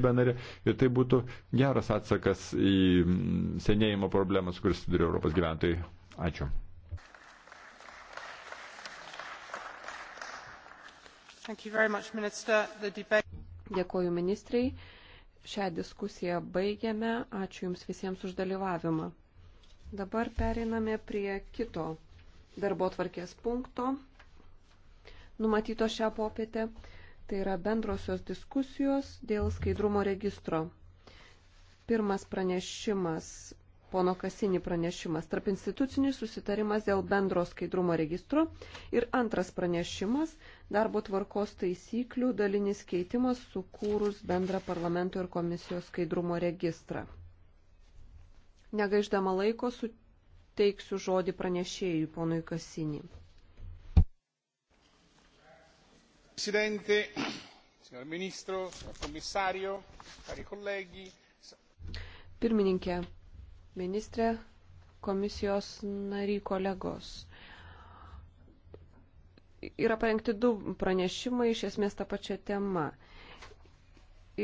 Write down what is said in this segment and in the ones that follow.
valstybę narę ir tai būtų geras atsakas į senėjimo problemas, kuris susiduria Europos gyventojai. Ačiū. Much, Minister. Debate... Dėkuoju ministrai. Šią diskusiją baigiame. Ačiū Jums visiems už dalyvavimą. Dabar periname prie kito darbo tvarkės punkto numatyto šią popietę. Tai yra bendrosios diskusijos dėl skaidrumo registro. Pirmas pranešimas, pono Kasinį pranešimas, tarp institucinis susitarimas dėl bendro skaidrumo registro. Ir antras pranešimas, darbo tvarkos taisyklių dalinis keitimas sukūrus bendrą parlamento ir komisijos skaidrumo registrą. Negaiždama laiko suteiksiu žodį pranešėjui, ponui Kasinį. Presidente, signor Ministro, signor Komisario, cari kolegi. Pirmininkė, ministrė, komisijos nariai, kolegos. Yra parengti du pranešimai iš esmės tą pačią temą.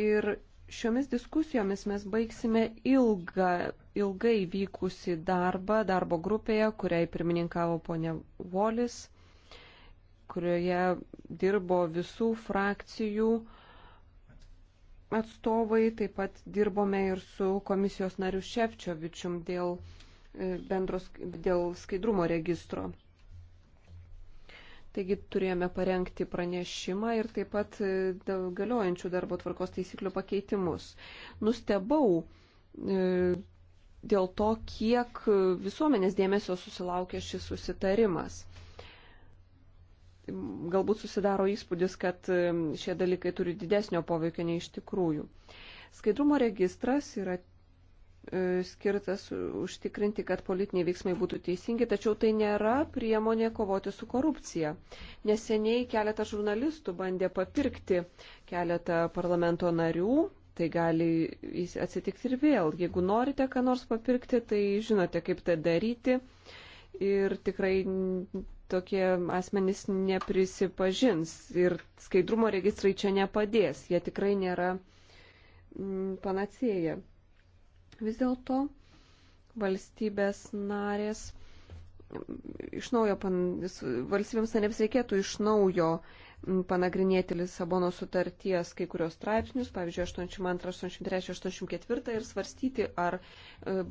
Ir šiomis diskusijomis mes baigsime ilgą, ilgai vykusi darbą darbo grupėje, kuriai pirmininkavo ponė Volis kurioje dirbo visų frakcijų atstovai, taip pat dirbome ir su komisijos nariu Ševčiovičium dėl, e, bendros, dėl skaidrumo registro. Taigi turėjome parengti pranešimą ir taip pat e, galiojančių darbo tvarkos taisyklių pakeitimus. Nustebau e, dėl to, kiek visuomenės dėmesio susilaukė šis susitarimas galbūt susidaro įspūdis, kad šie dalykai turi didesnio poveikio nei iš tikrųjų. Skaidrumo registras yra e, skirtas užtikrinti, kad politiniai veiksmai būtų teisingi, tačiau tai nėra priemonė kovoti su korupcija. Neseniai keletas žurnalistų bandė papirkti keletą parlamento narių. Tai gali atsitikti ir vėl. Jeigu norite ką nors papirkti, tai žinote, kaip tai daryti. Ir tikrai tokie asmenys neprisipažins ir skaidrumo registrai čia nepadės, jie tikrai nėra mm, panacėja. Vis dėlto valstybės narės iš naujo, valstybėms narėms reikėtų iš naujo panagrinėti Lisabono sutarties kai kurios straipsnius, pavyzdžiui, 82, 83, 84 ir svarstyti, ar e,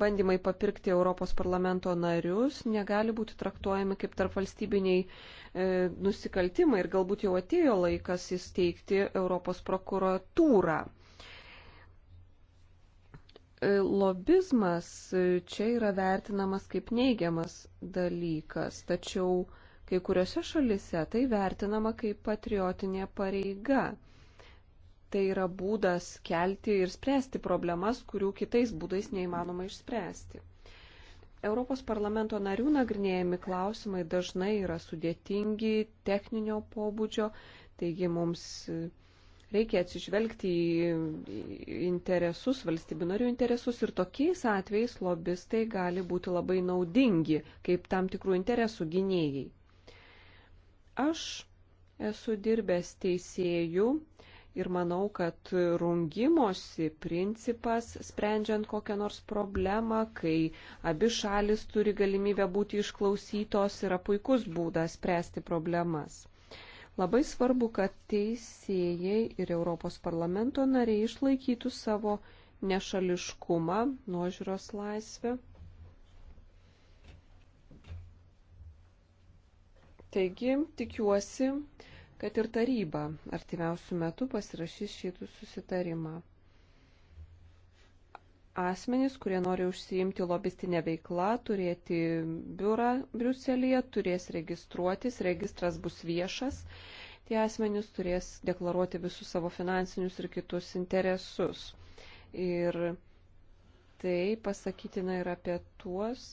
bandymai papirkti Europos parlamento narius negali būti traktuojami kaip tarpvalstybiniai e, nusikaltimai ir galbūt jau atėjo laikas įsteigti Europos prokuratūrą. E, lobizmas e, čia yra vertinamas kaip neigiamas dalykas, tačiau Kai kuriuose šalise tai vertinama kaip patriotinė pareiga. Tai yra būdas kelti ir spręsti problemas, kurių kitais būdais neįmanoma išspręsti. Europos parlamento narių nagrinėjami klausimai dažnai yra sudėtingi, techninio pobūdžio, taigi mums reikia atsižvelgti į interesus, valstybių narių interesus ir tokiais atvejais lobistai gali būti labai naudingi kaip tam tikrų interesų gynėjai. Aš esu dirbęs teisėjų ir manau, kad rungimosi principas, sprendžiant kokią nors problemą, kai abi šalis turi galimybę būti išklausytos, yra puikus būdas spręsti problemas. Labai svarbu, kad teisėjai ir Europos parlamento nariai išlaikytų savo nešališkumą, nuožiūros laisvę Taigi, tikiuosi, kad ir taryba artimiausių metų pasirašys šitų susitarimą. Asmenys, kurie nori užsiimti lobistinę veiklą, turėti biurą Briuselėje, turės registruotis, registras bus viešas, tie asmenys turės deklaruoti visus savo finansinius ir kitus interesus. Ir tai pasakytina ir apie tuos,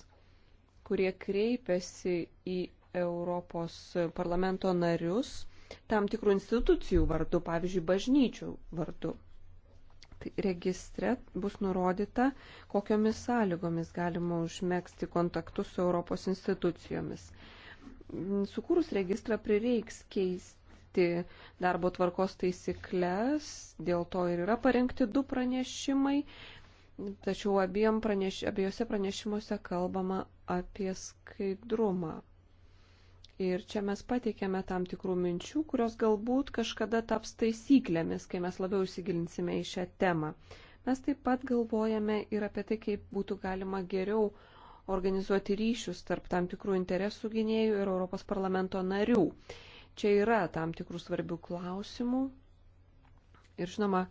kurie kreipiasi į Europos parlamento narius tam tikrų institucijų vardu, pavyzdžiui, bažnyčių vardu. Tai registre bus nurodyta, kokiomis sąlygomis galima užmėgsti kontaktus su Europos institucijomis. Sukūrus registrą prireiks keisti darbo tvarkos taisyklės, dėl to ir yra parengti du pranešimai, tačiau praneš, abiejose pranešimuose kalbama apie skaidrumą. Ir čia mes pateikėme tam tikrų minčių, kurios galbūt kažkada taps taisyklėmis, kai mes labiau įsigilinsime į šią temą. Mes taip pat galvojame ir apie tai, kaip būtų galima geriau organizuoti ryšius tarp tam tikrų interesų gynėjų ir Europos parlamento narių. Čia yra tam tikrų svarbių klausimų. Ir žinoma,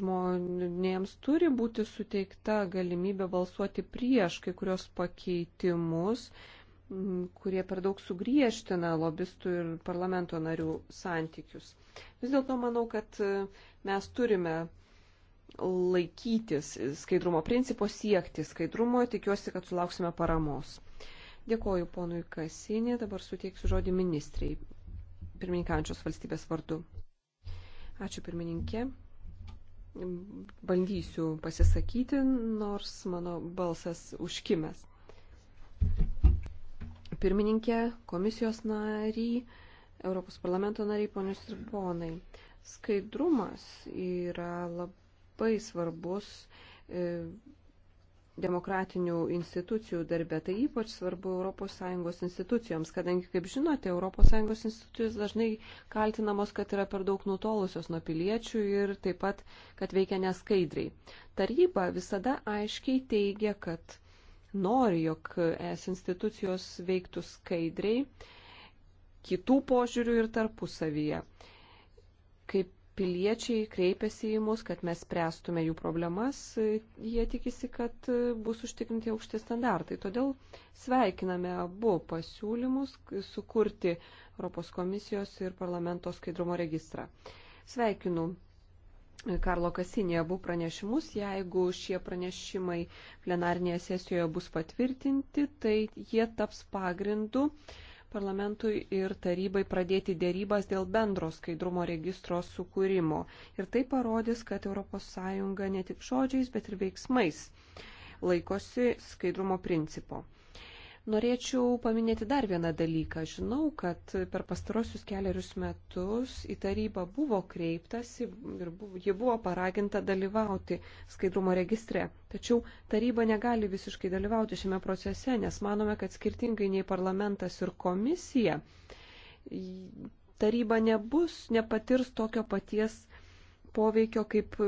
žmonėms turi būti suteikta galimybė balsuoti prieš kai kurios pakeitimus kurie per daug sugriežtina lobistų ir parlamento narių santykius. Vis dėlto manau, kad e, mes turime laikytis skaidrumo principo, siekti skaidrumo, tikiuosi, kad sulauksime paramos. Dėkoju ponui Kasinį, dabar suteiksiu žodį ministrei, pirmininkančios valstybės vardu. Ačiū pirmininkė. Bandysiu pasisakyti, nors mano balsas užkimęs pirmininkė, komisijos nariai, Europos parlamento nariai, ponius ir ponai. Skaidrumas yra labai svarbus e, demokratinių institucijų darbė. Tai ypač svarbu ES institucijoms, kadangi, kaip žinote, ES institucijos dažnai kaltinamos, kad yra per daug nutolusios nuo piliečių ir taip pat, kad veikia neskaidriai. Taryba visada aiškiai teigia, kad nori, jog es institucijos veiktų skaidriai, kitų požiūrių ir tarpusavyje. Kaip piliečiai kreipiasi į mus, kad mes spręstume jų problemas, jie tikisi, kad bus užtikrinti aukšti standartai. Todėl sveikiname abu pasiūlymus sukurti Europos komisijos ir parlamento skaidrumo registrą. Sveikinu Karlo Kasinė abu pranešimus. Jeigu šie pranešimai plenarnėje sesijoje bus patvirtinti, tai jie taps pagrindu parlamentui ir tarybai pradėti dėrybas dėl bendro skaidrumo registro sukūrimo. Ir tai parodys, kad ES ne tik žodžiais, bet ir veiksmais laikosi skaidrumo principo. Norėčiau paminėti dar vieną dalyką. Žinau, kad per pastarosius keliarius metus į tarybą buvo kreiptasi ir ji buvo paraginta dalyvauti skaidrumo registre. Tačiau taryba negali visiškai dalyvauti šiame procese, nes manome, kad skirtingai nei parlamentas ir komisija, taryba nebus, nepatirs tokio paties poveikio kaip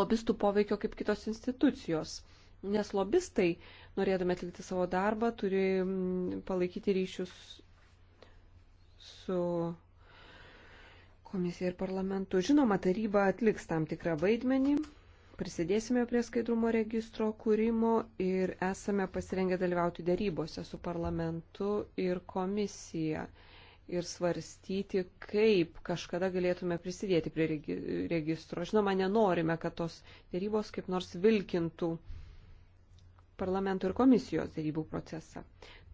lobistų poveikio kaip kitos institucijos. Nes lobistai, norėdami atlikti savo darbą, turi mm, palaikyti ryšius su komisija ir parlamentu. Žinoma, taryba atliks tam tikrą vaidmenį. Prisidėsime prie skaidrumo registro kūrimo ir esame pasirengę dalyvauti dėrybose su parlamentu ir komisija ir svarstyti, kaip kažkada galėtume prisidėti prie registro. Žinoma, nenorime, kad tos dėrybos kaip nors vilkintų parlamento ir komisijos darybų procesą.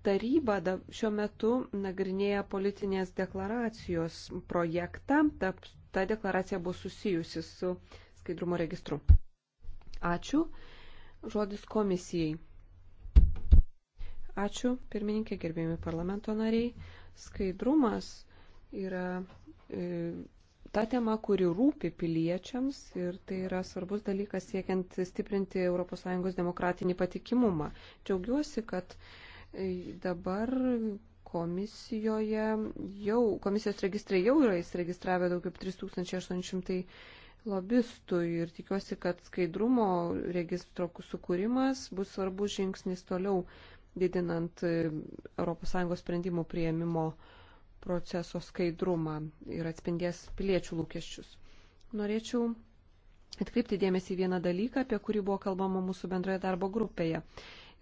Taryba šiuo metu nagrinėja politinės deklaracijos projektą. Ta, ta deklaracija bus susijusi su skaidrumo registru. Ačiū. Žodis komisijai. Ačiū, pirmininkė, gerbėjami parlamento nariai. Skaidrumas yra e, ta tema, kuri rūpi piliečiams ir tai yra svarbus dalykas siekiant stiprinti ES demokratinį patikimumą. Džiaugiuosi, kad e, dabar komisijoje jau, komisijos registrai jau yra įsiregistravę daugiau kaip 3800 lobistų ir tikiuosi, kad skaidrumo registro sukūrimas bus svarbus žingsnis toliau didinant e, ES sprendimų prieimimo uh, proceso skaidrumą ir atspindės piliečių lūkesčius. Norėčiau atkreipti dėmesį į vieną dalyką, apie kurį buvo kalbama mūsų bendroje darbo grupėje.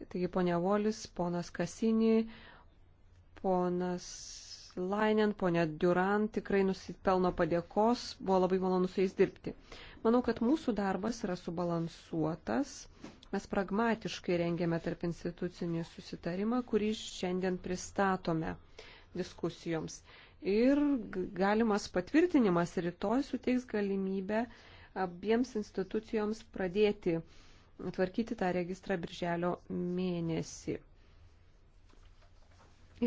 Taigi ponia Volis, ponas Kasini, ponas Lainen, ponia Duran tikrai nusipelno padėkos, buvo labai malonu su jais dirbti. Manau, kad mūsų darbas yra subalansuotas. Mes pragmatiškai rengėme tarp institucinį susitarimą, kurį šiandien pristatome diskusijoms. Ir galimas patvirtinimas rytoj suteiks galimybę abiems institucijoms pradėti tvarkyti tą registrą birželio mėnesį.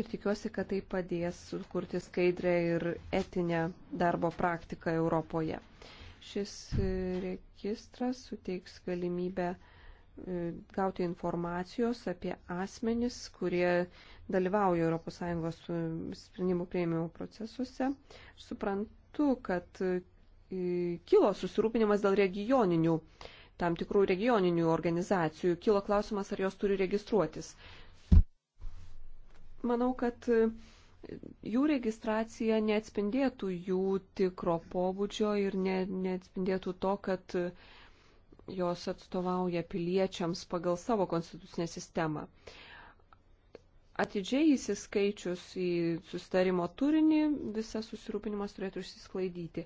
Ir tikiuosi, kad tai padės sukurti skaidrę ir etinę darbo praktiką Europoje. Šis registras suteiks galimybę uh, gauti informacijos apie asmenis, kurie dalyvauja ES e, sprendimų prieimimo procesuose. Aš suprantu, kad e, kilo susirūpinimas dėl regioninių, tam tikrų regioninių organizacijų. Kilo klausimas, ar jos turi registruotis. Manau, kad e, jų registracija neatspindėtų jų tikro pobūdžio ir ne, neatspindėtų to, kad uh, jos atstovauja piliečiams pagal savo konstitucinę sistemą. Atidžiai įsiskaičius į sustarimo turinį, visas susirūpinimas turėtų išsisklaidyti.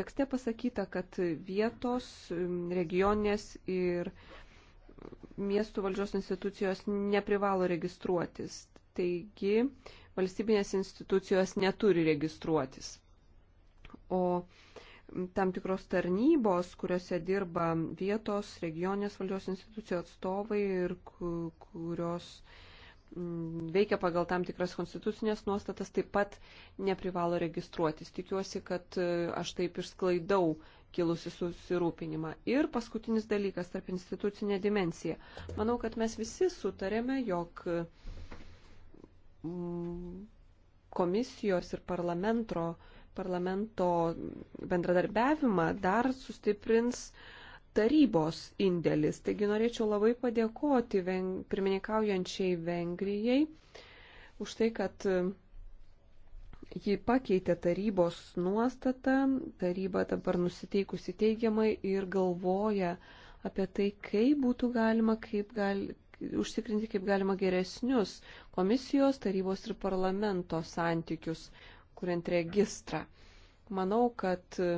Tekste pasakyta, kad vietos, regionės ir miestų valdžios institucijos neprivalo registruotis. Taigi, valstybinės institucijos neturi registruotis. O uh, tam tikros tarnybos, kuriuose dirba vietos, regionės valdžios institucijų atstovai ir kurios mm, veikia pagal tam tikras konstitucinės nuostatas, taip pat neprivalo registruotis. Tikiuosi, kad e, aš taip išsklaidau kilusi susirūpinimą. Ir paskutinis dalykas - tarp institucinė dimensija. Manau, kad mes visi sutarėme, jog mm, komisijos ir parlamento parlamento bendradarbiavimą dar sustiprins tarybos indėlis. Taigi norėčiau labai padėkoti veng... pirmininkaujančiai Vengrijai už tai, kad ji pakeitė tarybos nuostatą, taryba dabar nusiteikusi teigiamai ir galvoja apie tai, kaip būtų galima, kaip gali, užtikrinti kaip galima geresnius komisijos, tarybos ir parlamento santykius kuriant registrą. Manau, kad e,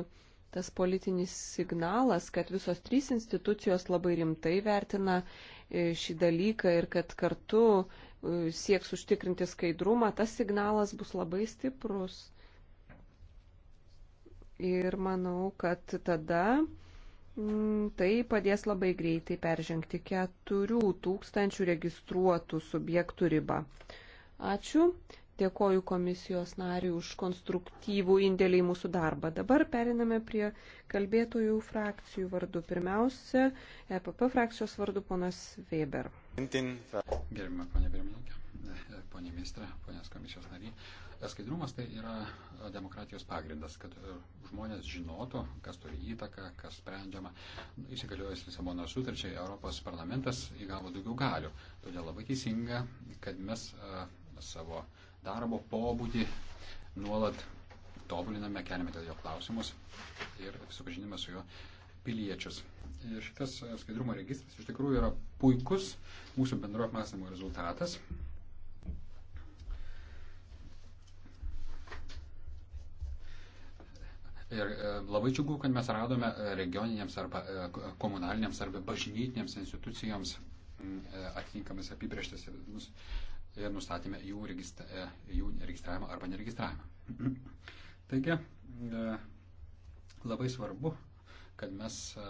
tas politinis signalas, kad visos trys institucijos labai rimtai vertina e, šį dalyką ir kad kartu e, sieks užtikrinti skaidrumą, tas signalas bus labai stiprus. Ir manau, kad tada mm, tai padės labai greitai peržengti 4000 registruotų subjektų ribą. Ačiū. Dėkoju komisijos nariui už konstruktyvų indėlį į mūsų darbą. Dabar periname prie kalbėtojų frakcijų vardų. Pirmiausia, EPP frakcijos vardu ponas Weber. Gerbima ponė pirmininkė, e, ponė ministra, ponės komisijos nariai. E, skaidrumas tai yra e, demokratijos pagrindas, kad žmonės žinotų, kas turi įtaką, kas sprendžiama. Įsigaliojus Lisabono sutarčiai, Europos parlamentas įgavo daugiau galių. Todėl labai teisinga, kad mes savo darbo pobūdį, nuolat tobuliname, keliame dėl jo klausimus ir supažinime su jo piliečius. Ir šitas e, skaidrumo registras iš tikrųjų yra puikus mūsų bendro apmąstymo rezultatas. Ir e, labai džiugu, kad mes radome e, regioniniams arba komunaliniams arba bažnytiniams institucijoms atitinkamas apibrieštas ir nustatėme jų, registra, e, jų registravimą arba neregistravimą. Taigi, e, labai svarbu, kad mes e,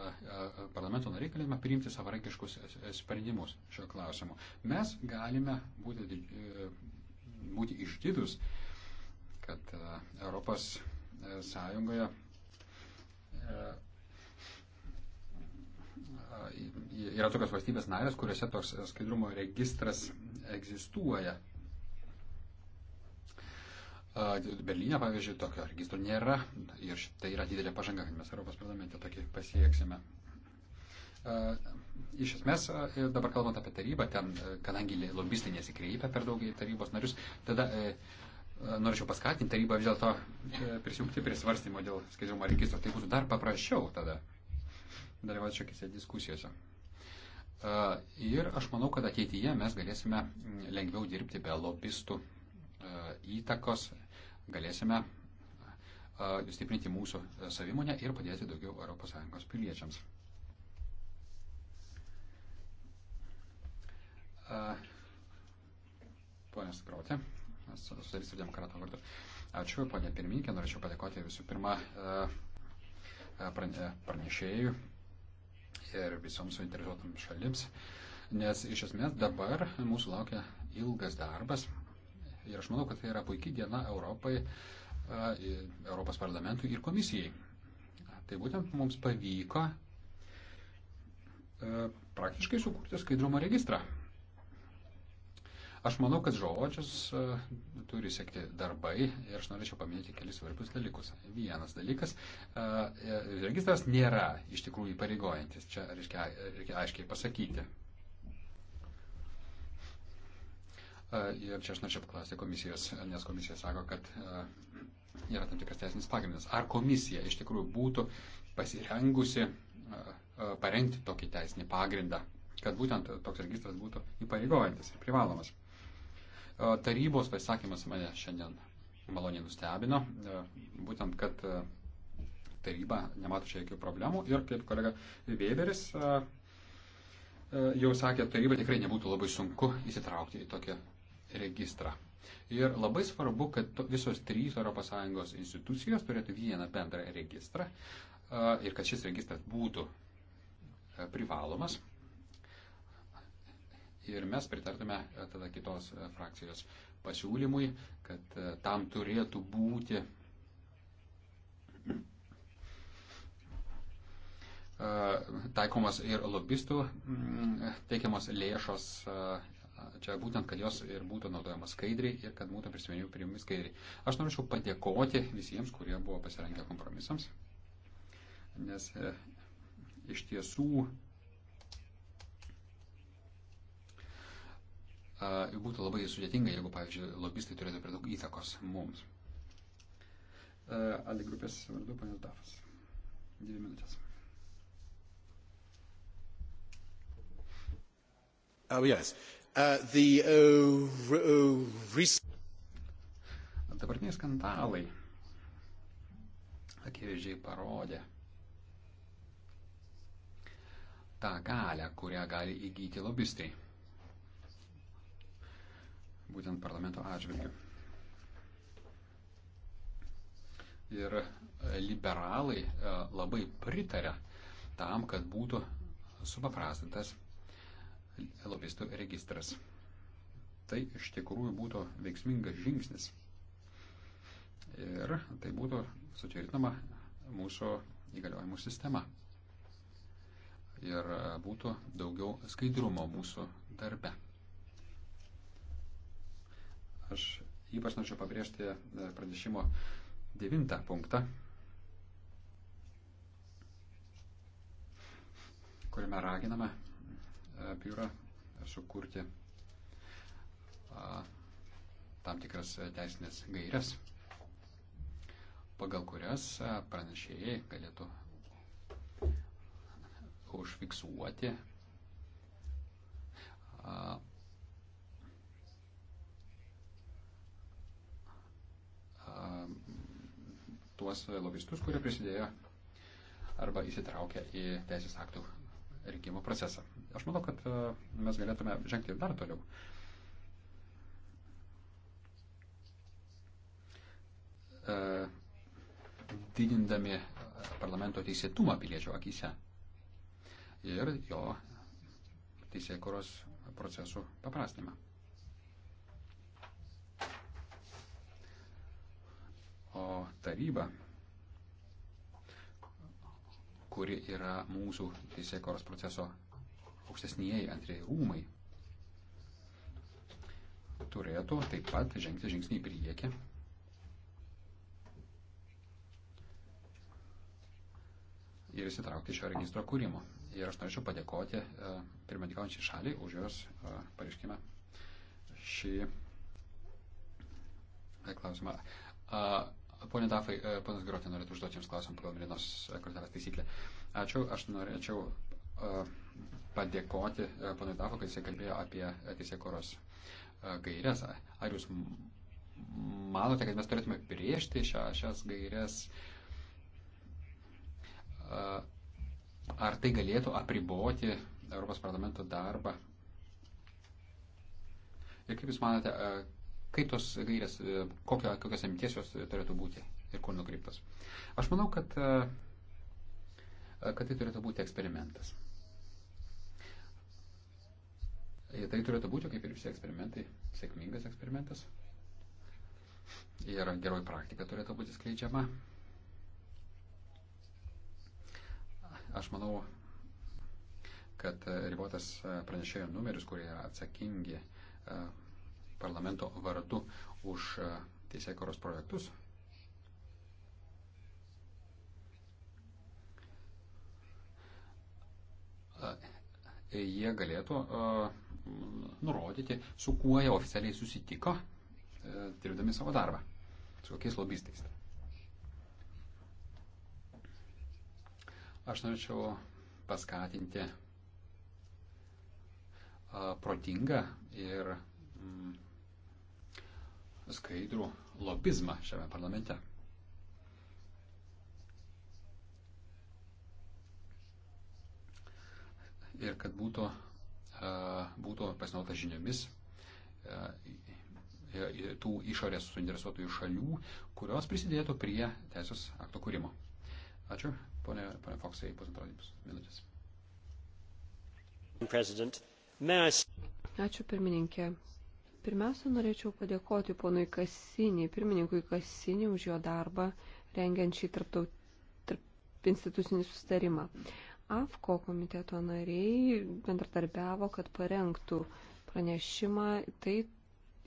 parlamento nariai galime priimti savarankiškus sprendimus šio klausimu. Mes galime būti, būti išdidus, kad Europos Sąjungoje yra tokios valstybės narės, kuriuose toks skaidrumo registras egzistuoja. Berlyne, pavyzdžiui, tokio registro nėra ir tai yra didelė pažanga, kad mes Europos parlamente tokį pasieksime. Iš esmės, dabar kalbant apie tarybą, ten, e, kadangi lobistai nesikreipia per daug į tarybos narius, tada e, norėčiau paskatinti tarybą vis dėlto e, prisijungti prie svarstymo dėl skaidrumo registro. Tai būtų dar paprasčiau tada dalyvauti šiokiose diskusijose. E, ir aš manau, kad ateityje mes galėsime lengviau dirbti be lobistų e, įtakos, galėsime e, stiprinti mūsų savimonę ir padėti daugiau ES piliečiams. Ponas Grautė, socialistų demokratų vardu. Ačiū, ponė pirmininkė, norėčiau padėkoti visų pirma pranešėjui ir visoms suinteresuotams šalims, nes iš esmės dabar mūsų laukia ilgas darbas ir aš manau, kad tai yra puikiai diena Europai, Europos parlamentui ir komisijai. Tai būtent mums pavyko praktiškai sukurti skaidrumo registrą. Aš manau, kad žodžius e, turi sekti darbai ir aš norėčiau paminėti kelis svarbius dalykus. Vienas dalykas, e, e, registras nėra iš tikrųjų įpareigojantis, čia reikia, reikia aiškiai pasakyti. Ir čia aš norėčiau paklausti komisijos, nes komisija sako, kad yra tam tikras teisinis pagrindas. Ar komisija iš tikrųjų būtų pasirengusi parengti tokį teisinį pagrindą, kad būtent toks registras būtų įpareigojantis ir privalomas. E, tarybos pasakymas mane šiandien maloniai nustebino, e, būtent, kad e, taryba nemato čia jokių problemų ir kaip kolega Weberis jau sakė, taryba tikrai nebūtų labai sunku įsitraukti į tokį registrą. Ir labai svarbu, kad visos trys ES institucijos turėtų vieną bendrą registrą ir kad šis registras būtų privalomas Ir mes pritartume e, tada kitos e, frakcijos pasiūlymui, kad e, tam turėtų būti taikomas ir lobistų teikiamos lėšos, čia būtent, kad jos ir būtų naudojamas skaidriai ir kad būtų prisiminimai priimami skaidriai. Aš norėčiau padėkoti visiems, kurie buvo pasirengę kompromisams, nes iš tiesų būtų labai sudėtinga, jeigu, pavyzdžiui, lobistai turėtų per daug įtakos mums. Ali grupės vardu panas Dafas. Dvi minutės. Oh, yes. uh, the, uh, uh, Dabartiniai skandalai akivaizdžiai parodė tą galę, kurią gali įgyti lobistai būtent parlamento atžvilgių. Ir liberalai e, labai pritarė tam, kad būtų supaprastintas lobistų registras. Tai iš tikrųjų būtų veiksmingas žingsnis. Ir tai būtų sutvirtinama mūsų įgaliojimų sistema. Ir būtų daugiau skaidrumo mūsų darbe. Aš ypač norėčiau pabrėžti e, pranešimo devintą punktą, kuriame raginame e, biurą sukurti tam tikras e, teisinės gairias, pagal kurias pranešėjai galėtų užfiksuoti Um, tuos lobistus, kurie prisidėjo arba įsitraukė į teisės aktų rinkimo procesą. Aš manau, kad uh, mes galėtume žengti dar toliau. Uh, didindami parlamento teisėtumą piliečio akise ir jo teisėkuros procesų paprastinimą. O taryba, kuri yra mūsų teisėkoros proceso aukštesnieji antrieji rūmai, turėtų taip pat žengti žingsnį į priekį. Ir įsitraukti šio registro kūrimo. Ir aš norėčiau padėkoti uh, e, pirmadinkaujančiai šaliai už jos uh, pareiškimą šį e, klausimą. Uh, Pone Dafai, e, panas Grotė norėtų užduoti Jums klausimą pagal Mirinos kortelės taisyklę. Ačiū, aš norėčiau e, padėkoti e, panui Dafai, kad jisai kalbėjo apie teisėkoros gairias. Ar Jūs manote, kad mes turėtume priešti šią, šias gairias? Ar tai galėtų apriboti Europos parlamento darbą? Ir kaip Jūs manote, kaip tos gairės, e, kokio, kokios amties jos e, turėtų būti ir kur nukreiptos. Aš manau, kad, e, kad tai turėtų būti eksperimentas. Ir tai turėtų būti, kaip ir visi eksperimentai, sėkmingas eksperimentas. Ir geroji praktika turėtų būti skleidžiama. Aš manau, kad ribotas pranešėjo numeris, kurie yra atsakingi parlamento vardu už e, teisėkoros projektus. E, jie galėtų e, nurodyti, su kuo jie oficialiai susitiko, dirbdami savo darbą, su kokiais lobistais. Aš norėčiau paskatinti protingą ir mm, skaidrų lobizmą šiame parlamente. Ir kad būtų, e, būtų pasinauta žiniomis e, e, tų išorės suinteresuotųjų šalių, kurios prisidėtų prie teisės akto kūrimo. Ačiū, ponė, ponė Foksai, pusantros minutės. Ačiū, pirmininkė. Pirmiausia, norėčiau padėkoti ponui Kasinį, pirmininkui Kasinį už jo darbą rengiant šį tarp, tarp institucinį sustarimą. AFKO komiteto nariai bendradarbiavo, kad parengtų pranešimą tai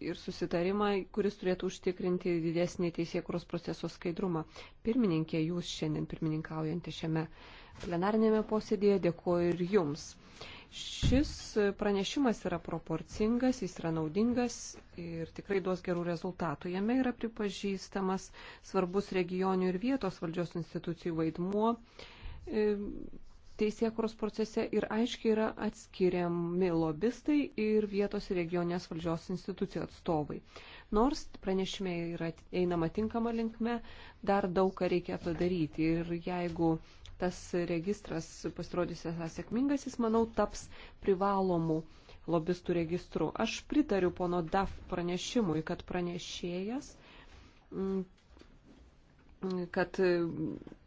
ir susitarimą, kuris turėtų užtikrinti didesnį teisėkuros proceso skaidrumą. Pirmininkė, jūs šiandien pirmininkaujantė šiame plenarinėme posėdėje, dėkuoju ir jums. Uh, Šis pranešimas yra proporcingas, jis yra naudingas ir tikrai duos gerų rezultatų. Jame yra pripažįstamas svarbus regionių ir vietos valdžios institucijų vaidmuo e, teisėkuros procese ir aiškiai yra atskiriami lobistai ir vietos regionės valdžios institucijų atstovai. Nors pranešime yra einama tinkama linkme, dar daug ką reikia padaryti ir jeigu tas registras pasirodys esas sėkmingas, jis, manau, taps privalomu lobistų registru. Aš pritariu pono DAF pranešimui, kad pranešėjas, mm, kad mm,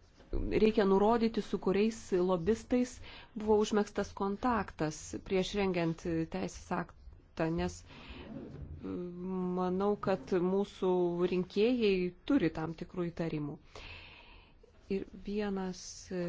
reikia nurodyti, su kuriais lobistais buvo užmėgstas kontaktas prieš rengiant teisės aktą, nes mm, manau, kad mūsų rinkėjai turi tam tikrų įtarimų. Ir vienas e,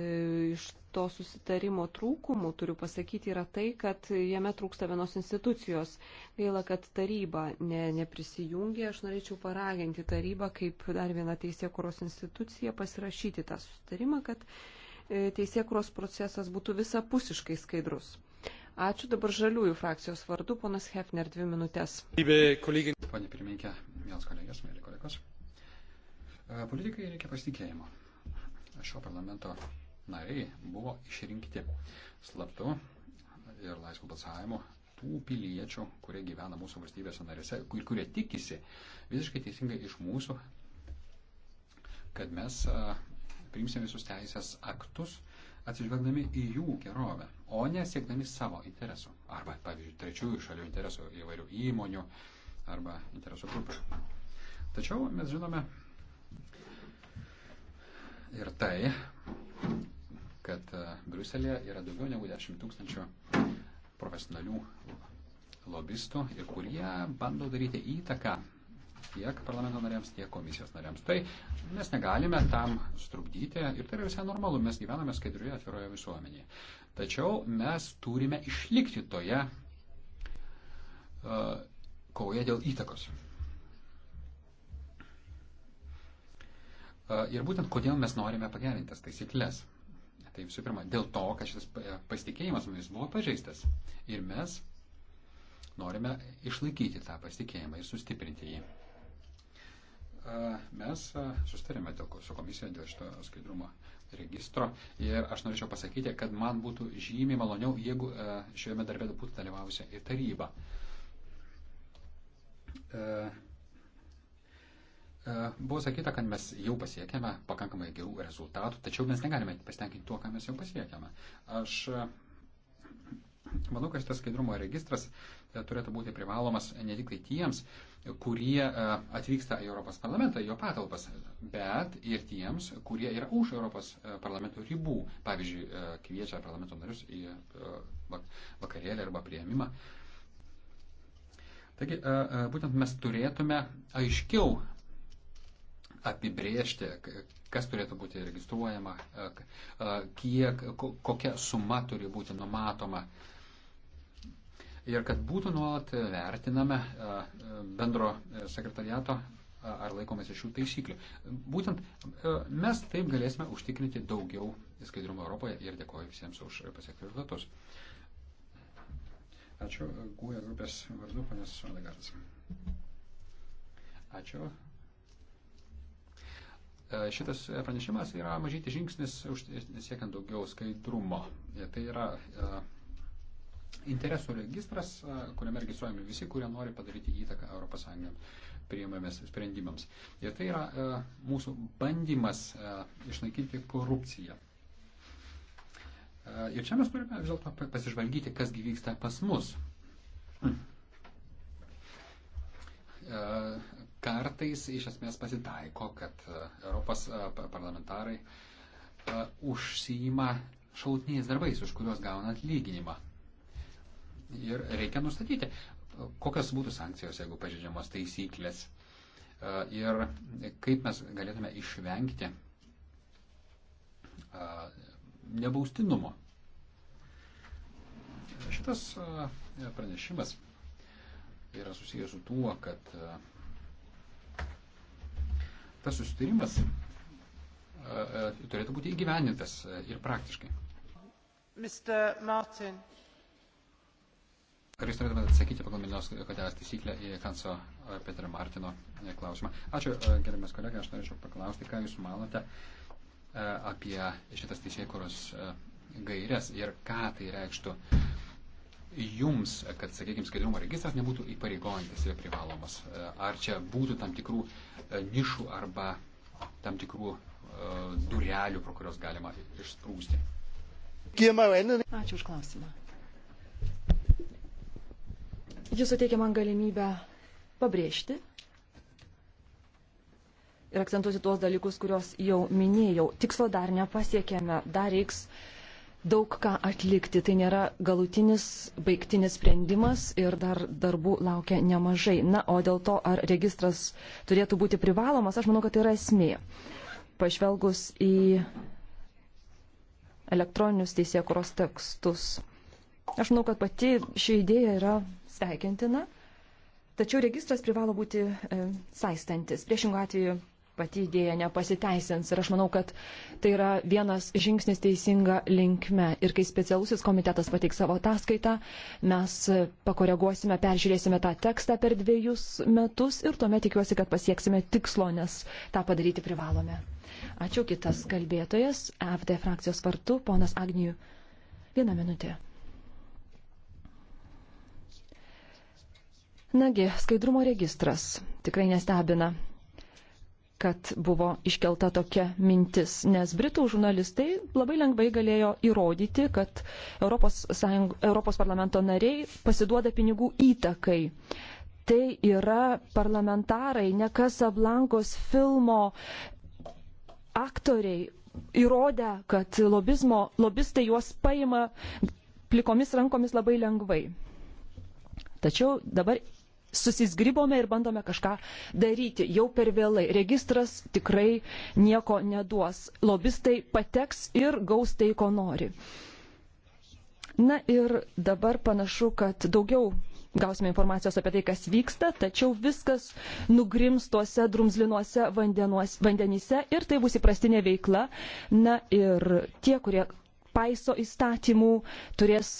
iš to susitarimo trūkumų, turiu pasakyti, yra tai, kad jame trūksta vienos institucijos. Gaila, kad taryba ne, neprisijungė. Aš norėčiau paraginti tarybą, kaip dar vieną teisėkuros instituciją, pasirašyti tą susitarimą, kad e, teisėkuros procesas būtų visapusiškai skaidrus. Ačiū dabar žaliųjų frakcijos vardu, ponas Hefner, dvi minutės. Pane pirmininkė, mielas kolegės, mėly kolegos. E, politikai reikia pasitikėjimo šio parlamento nariai buvo išrinkti slaptu ir laisvu balsavimu tų piliečių, kurie gyvena mūsų valstybėse narėse ir kurie tikisi visiškai teisingai iš mūsų, kad mes priimsime visus teisės aktus, atsižvelgdami į jų gerovę, o ne siekdami savo interesų. Arba, pavyzdžiui, trečiųjų šalių interesų įvairių įmonių arba interesų grupių. Tačiau mes žinome, ir tai, kad e, Bruselėje yra daugiau negu 10 tūkstančių profesionalių lobistų ir kurie bando daryti įtaką tiek parlamento nariams, tiek komisijos nariams. Tai mes negalime tam sutrukdyti ir tai yra visai normalu, mes gyvename skaidrioje atviroje visuomenėje. Tačiau mes turime išlikti toje uh, kovoje dėl įtakos. E, ir būtent kodėl mes norime pagerinti tas taisyklės. Tai visų pirma, dėl to, kad šitas pasitikėjimas mumis buvo pažeistas. Ir mes norime išlaikyti tą pasitikėjimą ir sustiprinti jį. E, mes e, sustarėme su komisija dėl šito skaidrumo registro ir aš norėčiau pasakyti, kad man būtų žymiai maloniau, jeigu šiame darbe būtų dalyvavusi ir taryba. E, buvo sakyta, kad mes jau pasiekėme pakankamai gerų rezultatų, tačiau mes negalime pasitenkinti tuo, ką mes jau pasiekėme. Aš e, manau, kad šitas skaidrumo registras e, turėtų būti privalomas ne tik tai tiems, kurie atvyksta į Europos parlamentą, jo patalpas, bet ir tiems, kurie yra už Europos parlamento ribų. Pavyzdžiui, kviečia parlamento narius į vakarėlį arba prieimimą. Taigi, būtent mes turėtume aiškiau apibriežti, kas turėtų būti registruojama, kiek, kokia suma turi būti numatoma. Ir kad būtų nuolat vertiname bendro sekretariato ar laikomasi šių taisyklių. Būtent mes taip galėsime užtikrinti daugiau skaidrumo Europoje ir dėkoju visiems už pasiektus rezultatus. Ačiū, GUE grupės vardu, panas Olegardas. Ačiū. E, šitas pranešimas yra mažyti žingsnis siekiant daugiau skaidrumo. E, tai yra e, interesų registras, kuriame registruojami visi, kurie nori padaryti įtaką ES priimamės sprendimams. Ir tai yra e, mūsų bandymas e, išnaikinti korupciją. E, ir čia mes turime vis dėlto pasižvalgyti, kas vyksta pas mus. E, kartais iš esmės pasitaiko, kad e, Europos e, parlamentarai e, užsijima šalutiniais darbais, už kuriuos gauna atlyginimą. Ir reikia nustatyti, kokios būtų sankcijos, jeigu pažydžiamos taisyklės. Ir kaip mes galėtume išvengti nebaustinumo. Šitas pranešimas yra susijęs su tuo, kad tas susitarimas e, e, turėtų būti įgyvendintas e, ir praktiškai. Ar jūs norėtumėte atsakyti pagal Milinos kodėlės taisyklę į Hanso Peterio Martino klausimą? Ačiū, gerbiamas kolega, aš norėčiau paklausti, ką jūs manote apie šitas teisėkuros gairias ir ką tai reikštų uh, jums, kad, sakykime, skaidrumo registras nebūtų įpareigojantis ir privalomas? E, ar čia būtų tam tikrų e, nišų arba tam tikrų e, durelių, pro kurios galima išsprūsti? Ačiū už klausimą. Jis suteikia man galimybę pabrėžti ir akcentuoti tuos dalykus, kuriuos jau minėjau. Tikslo dar nepasiekėme, dar reiks uh, daug ką atlikti. Tai nėra galutinis, baigtinis sprendimas ir dar darbų laukia nemažai. Na, o dėl to, ar registras turėtų būti privalomas, aš manau, kad tai yra esmė. Pažvelgus į elektroninius teisėkuros tekstus. Aš manau, kad pati ši idėja yra sveikintina, tačiau registras privalo būti e, saistantis. Priešingų atveju pati idėja nepasiteisins. Ir aš manau, kad tai yra vienas žingsnis teisinga linkme. Ir kai specialusis komitetas pateiks savo ataskaitą, mes pakoreguosime, peržiūrėsime tą tekstą per dviejus metus ir tuomet tikiuosi, kad pasieksime tikslo, nes tą padaryti privalome. Ačiū kitas kalbėtojas, FD frakcijos vartų, ponas Agnijų. Vieną minutę. Nagi, skaidrumo registras tikrai nestebina kad buvo iškelta tokia mintis, nes Britų žurnalistai labai lengvai galėjo įrodyti, kad Europos, Sąjung, Europos parlamento nariai pasiduoda pinigų įtakai. Tai yra parlamentarai, ne Kasablankos filmo aktoriai įrodę, kad lobizmo, lobistai juos paima plikomis rankomis labai lengvai. Tačiau dabar susizgribome ir bandome kažką daryti. Jau per vėlai. Registras tikrai nieko neduos. Lobistai pateks ir gaus tai, ko nori. Na ir dabar panašu, kad daugiau gausime informacijos apie tai, kas vyksta, tačiau viskas nugrims tuose drumzlinuose vandenyse ir tai bus įprastinė veikla. Na ir tie, kurie paiso įstatymų, turės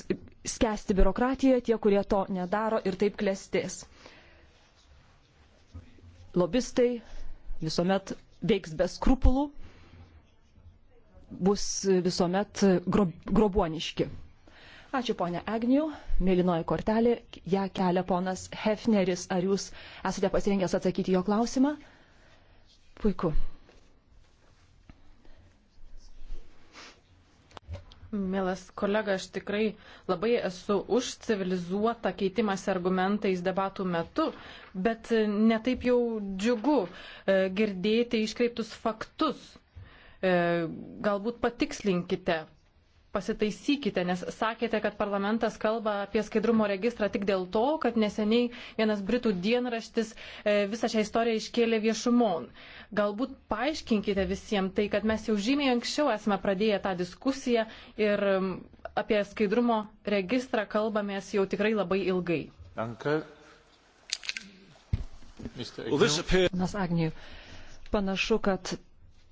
skęsti biurokratiją, tie, kurie to nedaro ir taip klestės lobistai visuomet veiks be skrupulų, bus visuomet grob, grobuoniški. Ačiū ponia Agniu, mėlynoji kortelė, ją kelia ponas Hefneris, ar jūs esate pasirengęs atsakyti jo klausimą? Puiku. Mielas kolega, aš tikrai labai esu už civilizuotą keitimąsi argumentais debatų metu, bet e, netaip jau džiugu e, girdėti iškreiptus faktus. E, galbūt patikslinkite, pasitaisykite, nes sakėte, kad parlamentas kalba apie skaidrumo registrą tik dėl to, kad neseniai vienas Britų dienraštis e, visą šią istoriją iškėlė viešumon. Galbūt paaiškinkite visiems tai, kad mes jau žymiai anksčiau esame pradėję tą diskusiją ir apie skaidrumo registrą kalbamės jau tikrai labai ilgai. Danke. Well, Agnew. Panašu, kad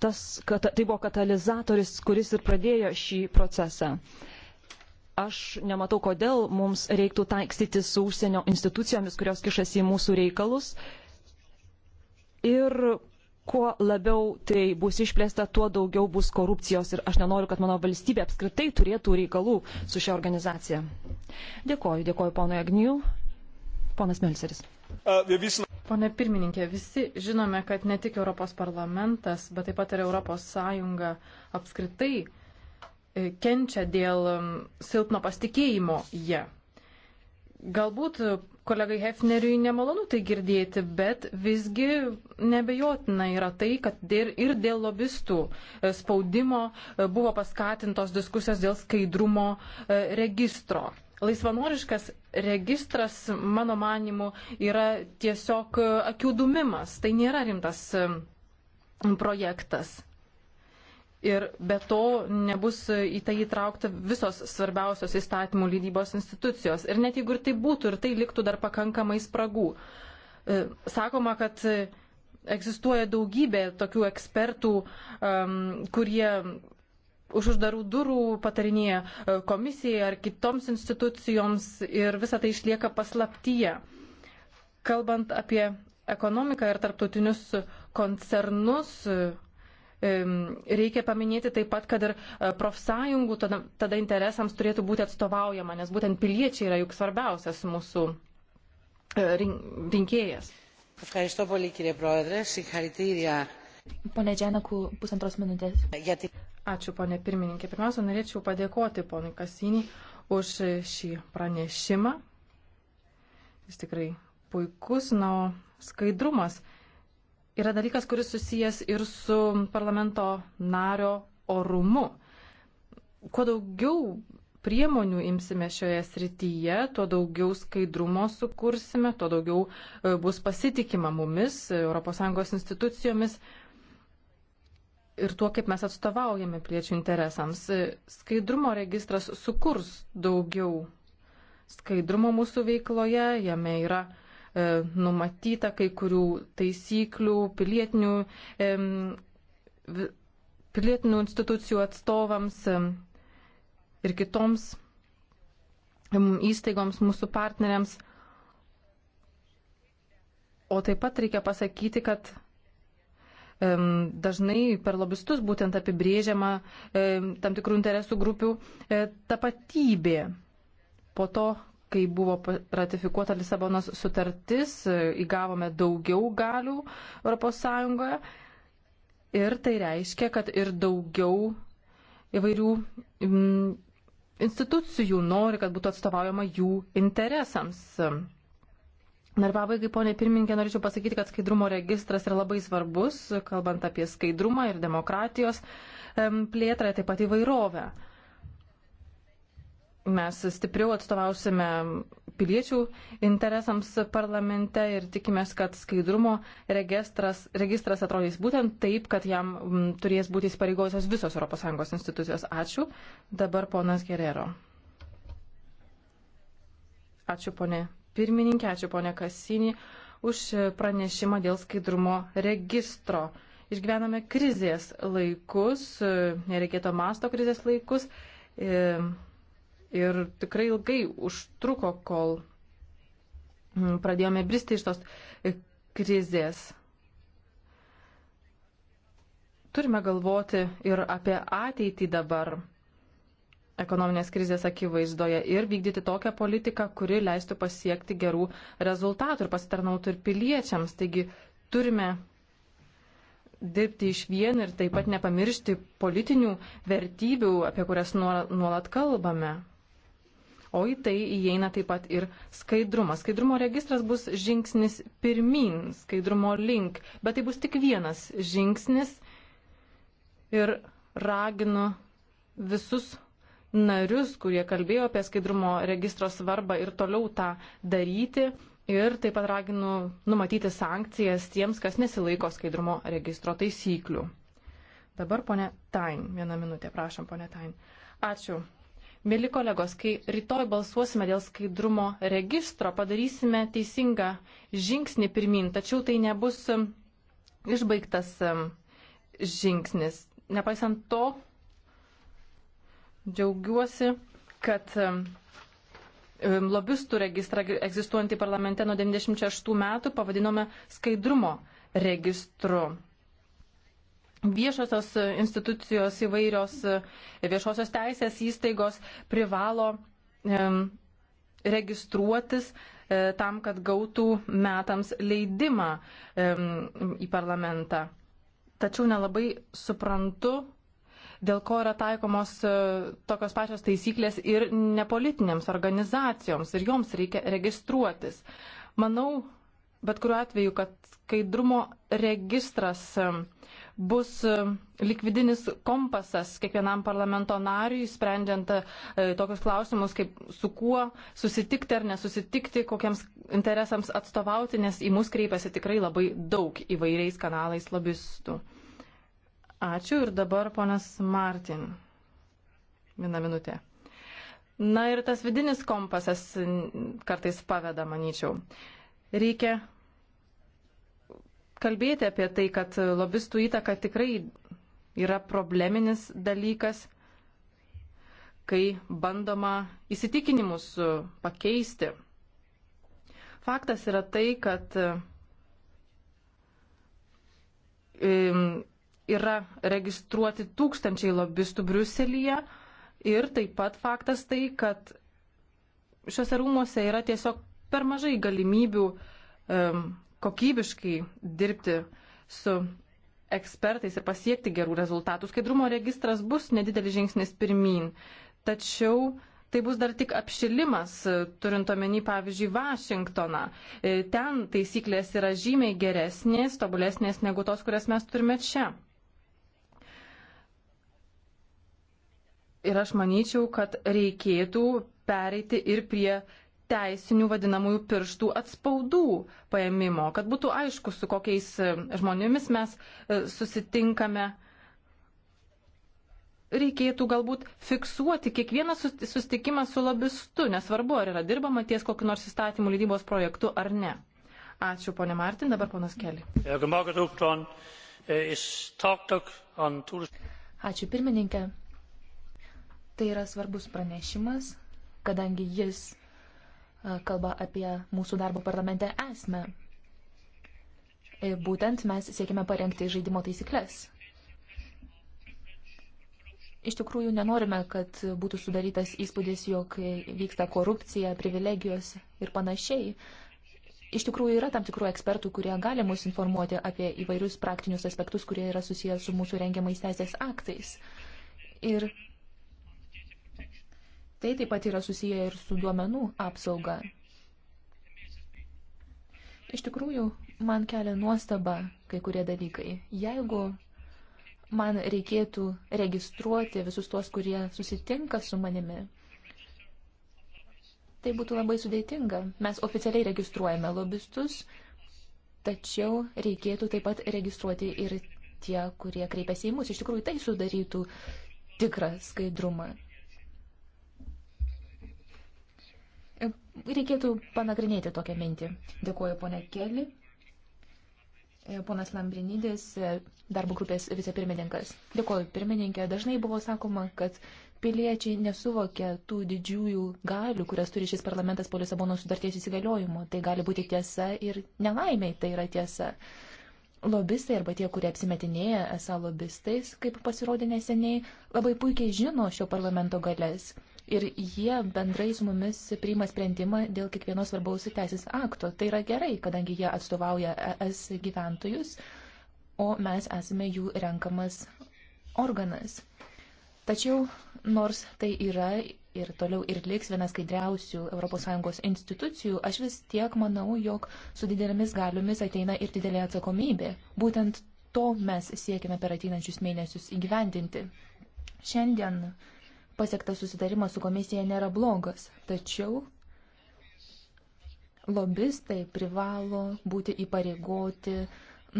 tas, kad, tai buvo katalizatorius, kuris ir pradėjo šį procesą. Aš nematau, kodėl mums reiktų taikstyti su užsienio institucijomis, kurios kišasi į mūsų reikalus. Ir kuo labiau tai bus išplėsta, tuo daugiau bus korupcijos. Ir aš nenoriu, kad mano valstybė apskritai turėtų reikalų su šia organizacija. Dėkoju, dėkoju ponui Agniu. Ponas Melseris. Uh, Pone pirmininkė, visi žinome, kad ne tik Europos parlamentas, bet taip pat ir Europos Sąjunga apskritai e, kenčia dėl silpno pasitikėjimo jie. Galbūt kolegai Hefneriui nemalonu tai girdėti, bet visgi nebejotina yra tai, kad ir dėl lobistų e, spaudimo e, buvo paskatintos diskusijos dėl skaidrumo registro. Laisvanoriškas registras, mano manimu, yra tiesiog e, akių dumimas. Tai nėra rimtas e, projektas. Ir be to nebus e, į tai įtraukta visos svarbiausios įstatymų lydybos institucijos. Ir net jeigu ir tai būtų, ir tai liktų dar pakankamai spragų. Sakoma, kad egzistuoja daugybė tokių ekspertų, um, kurie už uždarų durų patarinėja e, komisijai ar kitoms institucijoms ir visa tai išlieka paslaptyje. Kalbant apie ekonomiką ir tarptautinius koncernus, e, reikia paminėti taip pat, kad ir e, profsąjungų tada, tada interesams turėtų būti atstovaujama, nes būtent piliečiai yra juk svarbiausias mūsų rinkėjas. Ευχαριστώ πολύ κύριε Πρόεδρε. Συγχαρητήρια. Πονετζάνακου, πουσαντρός μινούτες. Γιατί... Ačiū, ponė pirmininkė. Pirmiausia, norėčiau padėkoti ponui Kasinį už šį pranešimą. Jis tikrai puikus, na, o skaidrumas yra dalykas, kuris susijęs ir su parlamento nario orumu. Kuo daugiau priemonių imsime šioje srityje, tuo daugiau skaidrumo sukursime, tuo daugiau e, bus pasitikima mumis, ES institucijomis ir tuo, kaip mes atstovaujame piliečių interesams. Skaidrumo registras sukurs daugiau skaidrumo mūsų veikloje, jame yra e, numatyta kai kurių taisyklių pilietinių, e, pilietinių institucijų atstovams e, ir kitoms įstaigoms mūsų partneriams. O taip pat reikia pasakyti, kad dažnai per lobistus būtent apibrėžiama tam tikrų interesų grupių e, tapatybė. Po to, kai buvo ratifikuota Lisabonos sutartis, e, įgavome daugiau galių ES ir tai reiškia, kad ir daugiau įvairių institucijų nori, kad būtų atstovaujama jų interesams. Dar pabaigai, ponė pirmininkė, norėčiau pasakyti, kad skaidrumo registras yra labai svarbus, kalbant apie skaidrumą ir demokratijos plėtrą, taip pat įvairovę. Mes stipriau atstovausime piliečių interesams parlamente ir tikimės, kad skaidrumo registras, registras atrodys būtent taip, kad jam m, turės būti įsipareigojusios visos ES institucijos. Ačiū. Dabar ponas Gerero. Ačiū, ponė pirmininkė, ačiū ponė Kasinį, už pranešimą dėl skaidrumo registro. Išgyvename krizės laikus, nereikėto masto krizės laikus e, ir tikrai ilgai užtruko, kol pradėjome bristi iš tos e, krizės. Turime galvoti ir apie ateitį dabar ekonominės krizės akivaizdoje ir vykdyti tokią politiką, kuri leistų pasiekti gerų rezultatų ir pasitarnautų ir piliečiams. Taigi turime dirbti iš vien ir taip pat nepamiršti politinių vertybių, apie kurias nuolat kalbame. O į tai įeina taip pat ir skaidrumas. Skaidrumo registras bus žingsnis pirmin, skaidrumo link, bet tai bus tik vienas žingsnis ir raginu visus narius, kurie kalbėjo apie skaidrumo registro svarbą ir toliau tą daryti. Ir taip pat raginu numatyti sankcijas tiems, kas nesilaiko skaidrumo registro taisyklių. Dabar ponė Tain, vieną minutę, prašom, ponė Tain. Ačiū. Mėly kolegos, kai rytoj balsuosime dėl skaidrumo registro, padarysime teisingą žingsnį pirmin, tačiau tai nebus um, išbaigtas um, žingsnis. Nepaisant to, Džiaugiuosi, kad lobistų registrą egzistuojantį parlamente nuo 96 metų pavadinome skaidrumo registru. Viešosios institucijos įvairios viešosios teisės įstaigos privalo registruotis e, tam, kad gautų metams leidimą į parlamentą. Tačiau nelabai suprantu, dėl ko yra taikomos e, tokios pačios taisyklės ir nepolitinėms organizacijoms ir joms reikia registruotis. Manau, bet kuriuo atveju, kad skaidrumo registras e, bus e, likvidinis kompasas kiekvienam parlamento nariui, sprendžiant tokius klausimus, kaip su kuo susitikti ar nesusitikti, kokiems interesams atstovauti, nes į mus kreipiasi tikrai labai daug įvairiais kanalais lobistų. Ačiū ir dabar ponas Martin. Vieną minutę. Na ir tas vidinis kompasas kartais paveda, manyčiau. Reikia kalbėti apie tai, kad lobistų įtaka tikrai yra probleminis dalykas, kai bandoma įsitikinimus pakeisti. Faktas yra tai, kad yra registruoti tūkstančiai lobistų Briuselyje ir taip pat faktas tai, kad šiuose rūmose yra tiesiog per mažai galimybių um, kokybiškai dirbti su ekspertais ir pasiekti gerų rezultatų. Skaidrumo registras bus nedidelis žingsnis pirmin, tačiau tai bus dar tik apšilimas, turint omeny, pavyzdžiui, Vašingtoną. E, ten taisyklės yra žymiai geresnės, tobulesnės negu tos, kurias mes turime čia. Ir aš manyčiau, kad reikėtų pereiti ir prie teisinių vadinamųjų pirštų atspaudų paėmimo, kad būtų aišku, su kokiais e, žmonėmis mes e, susitinkame. Reikėtų galbūt fiksuoti kiekvieną susitikimą su lobistu, nesvarbu, ar yra dirbama ties kokiu nors įstatymų lydybos projektu ar ne. Ačiū, ponė Martin, dabar ponas Keli. Äh, Ačiū, pirmininkė. Tai yra svarbus pranešimas, kadangi jis e, kalba apie mūsų darbo parlamente esmę. Ir e, būtent mes siekime parengti žaidimo taisyklės. Iš tikrųjų nenorime, kad būtų sudarytas įspūdis, jog vyksta korupcija, privilegijos ir panašiai. Iš tikrųjų yra tam tikrų ekspertų, kurie gali mus informuoti apie įvairius praktinius aspektus, kurie yra susijęs su mūsų rengiamais teisės aktais. Ir Tai taip pat yra susiję ir su duomenų apsauga. Iš tikrųjų, man kelia nuostaba kai kurie dalykai. Jeigu man reikėtų registruoti visus tuos, kurie susitinka su manimi. Tai būtų labai sudėtinga. Mes oficialiai registruojame lobistus, tačiau reikėtų taip pat registruoti ir tie, kurie kreipiasi į mus. Iš tikrųjų, tai sudarytų tikrą skaidrumą. Reikėtų panagrinėti tokią mintį. Dėkuoju, ponė Keli. E, ponas Lambrinidis, e, darbo grupės vicepirmininkas. Dėkuoju, pirmininkė. Dažnai buvo sakoma, kad piliečiai nesuvokia tų didžiųjų galių, kurias turi šis parlamentas po Lisabono sudarties įsigaliojimo. Tai gali būti tiesa ir nelaimiai tai yra tiesa. Lobistai arba tie, kurie apsimetinėja esą lobistais, kaip pasirodė neseniai, labai puikiai žino šio parlamento galės ir jie bendrai su mumis priima sprendimą dėl kiekvienos svarbaus teisės akto. Tai yra gerai, kadangi jie atstovauja ES gyventojus, o mes esame jų renkamas organas. Tačiau, nors tai yra ir toliau ir liks viena skaidriausių ES institucijų, aš vis tiek manau, jog su didelėmis galiomis ateina ir didelė atsakomybė. Būtent to mes siekime per ateinančius mėnesius įgyvendinti. Šiandien pasiektas susitarimas su komisija nėra blogas, tačiau lobistai privalo būti įpareigoti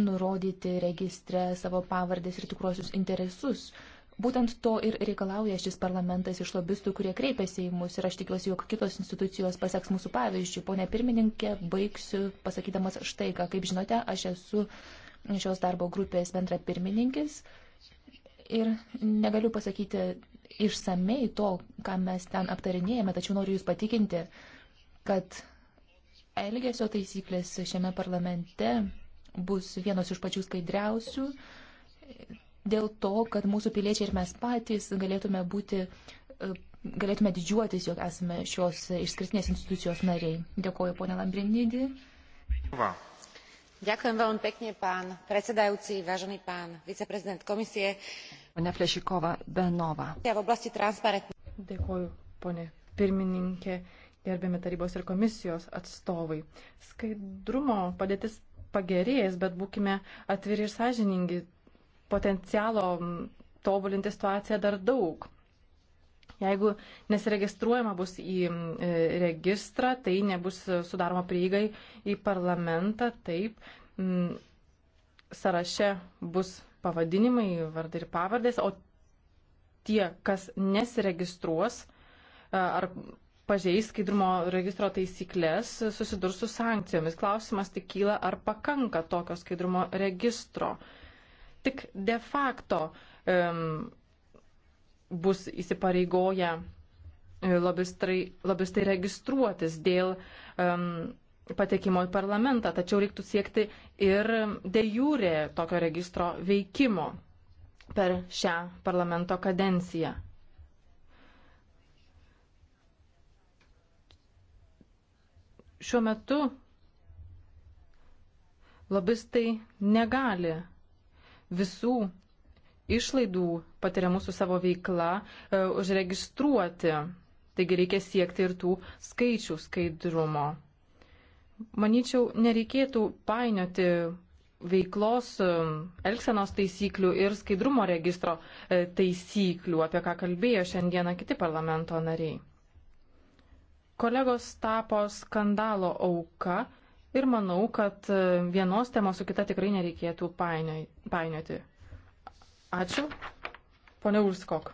nurodyti registre savo pavardės ir tikruosius interesus. Būtent to ir reikalauja šis parlamentas iš lobistų, kurie kreipiasi į mus ir aš tikiuosi, jog kitos institucijos paseks mūsų pavyzdžių. Pone pirmininkė, baigsiu pasakydamas štai ką. Kaip žinote, aš esu šios darbo grupės bendra pirmininkis ir negaliu pasakyti išsamei to, ką mes ten aptarinėjame, tačiau noriu Jūs patikinti, kad elgesio taisyklės šiame parlamente bus vienos iš pačių skaidriausių dėl to, kad mūsų piliečiai ir mes patys galėtume būti, galėtume didžiuotis, jog esame šios išskirtinės institucijos nariai. Dėkuoju, ponė Lambrinidį. Va ďakujem veľmi pekne pán predsedajúci vážený pán viceprezident komisie Pane Flešikova, Benova. Dėkuoju, ponė pirmininkė, gerbėme tarybos ir komisijos atstovai. Skaidrumo padėtis pagerėjęs, bet būkime atviri ir sąžiningi. Potencialo tobulinti situaciją dar daug. Jeigu nesiregistruojama bus į e, registrą, tai nebus sudaroma prieigai į parlamentą, taip, sąraše bus pavadinimai, vardai ir pavardės, o tie, kas nesiregistruos e, ar pažeis skaidrumo registro taisyklės, susidurs su sankcijomis. Klausimas tik kyla, ar pakanka tokio skaidrumo registro. Tik de facto um, bus įsipareigoję e, lobistai, lobistai registruotis dėl um, patekimo į parlamentą, tačiau reiktų siekti ir de jūrė tokio registro veikimo per šią parlamento kadenciją. Šiuo metu lobistai negali visų išlaidų patiriamų su savo veikla e, užregistruoti. Taigi reikia siekti ir tų skaičių skaidrumo. Manyčiau, nereikėtų painioti veiklos elgsenos taisyklių ir skaidrumo registro e, taisyklių, apie ką kalbėjo šiandieną kiti parlamento nariai. Kolegos tapo skandalo auka ir manau, kad e, vienos temos su kita tikrai nereikėtų painioti. Ačiū. Pone Ulskok.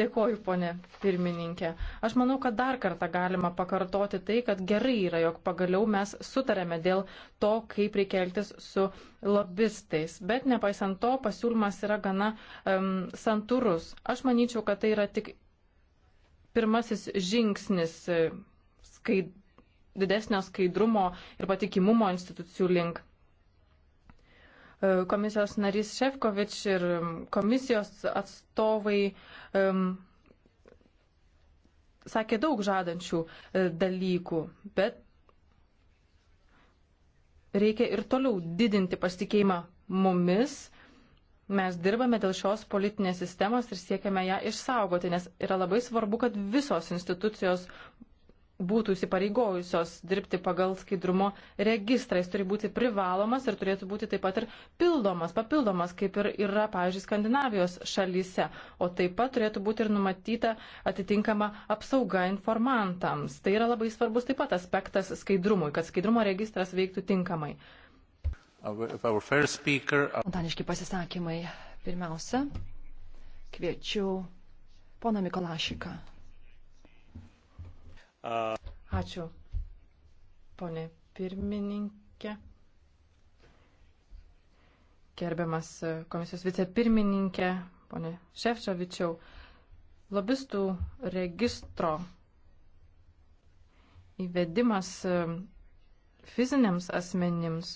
Dėkoju, ponė pirmininkė. Aš manau, kad dar kartą galima pakartoti tai, kad gerai yra, jog pagaliau mes sutarėme dėl to, kaip reikia elgtis su lobistais. Bet nepaisant to, pasiūlymas yra gana um, santūrus. Aš manyčiau, kad tai yra tik pirmasis žingsnis e, skaid, didesnio skaidrumo ir patikimumo institucijų link komisijos narys Šefkovič ir um, komisijos atstovai um, sakė daug žadančių e, dalykų, bet reikia ir toliau didinti pasitikėjimą mumis. Mes dirbame dėl šios politinės sistemos ir siekiame ją išsaugoti, nes yra labai svarbu, kad visos institucijos būtų įsipareigojusios dirbti pagal skaidrumo registrą. Jis turi būti privalomas ir turėtų būti taip pat ir pildomas, papildomas, kaip ir yra, pavyzdžiui, Skandinavijos šalyse. O taip pat turėtų būti ir numatyta atitinkama apsauga informantams. Tai yra labai svarbus taip pat aspektas skaidrumui, kad skaidrumo registras veiktų tinkamai. Spontaniški pasisakymai. Pirmiausia, kviečiu poną Mikolašiką. Ačiū, ponė pirmininkė. Gerbiamas komisijos vicepirmininkė, ponė Šefčiovičiau, lobistų registro įvedimas fiziniams asmenims,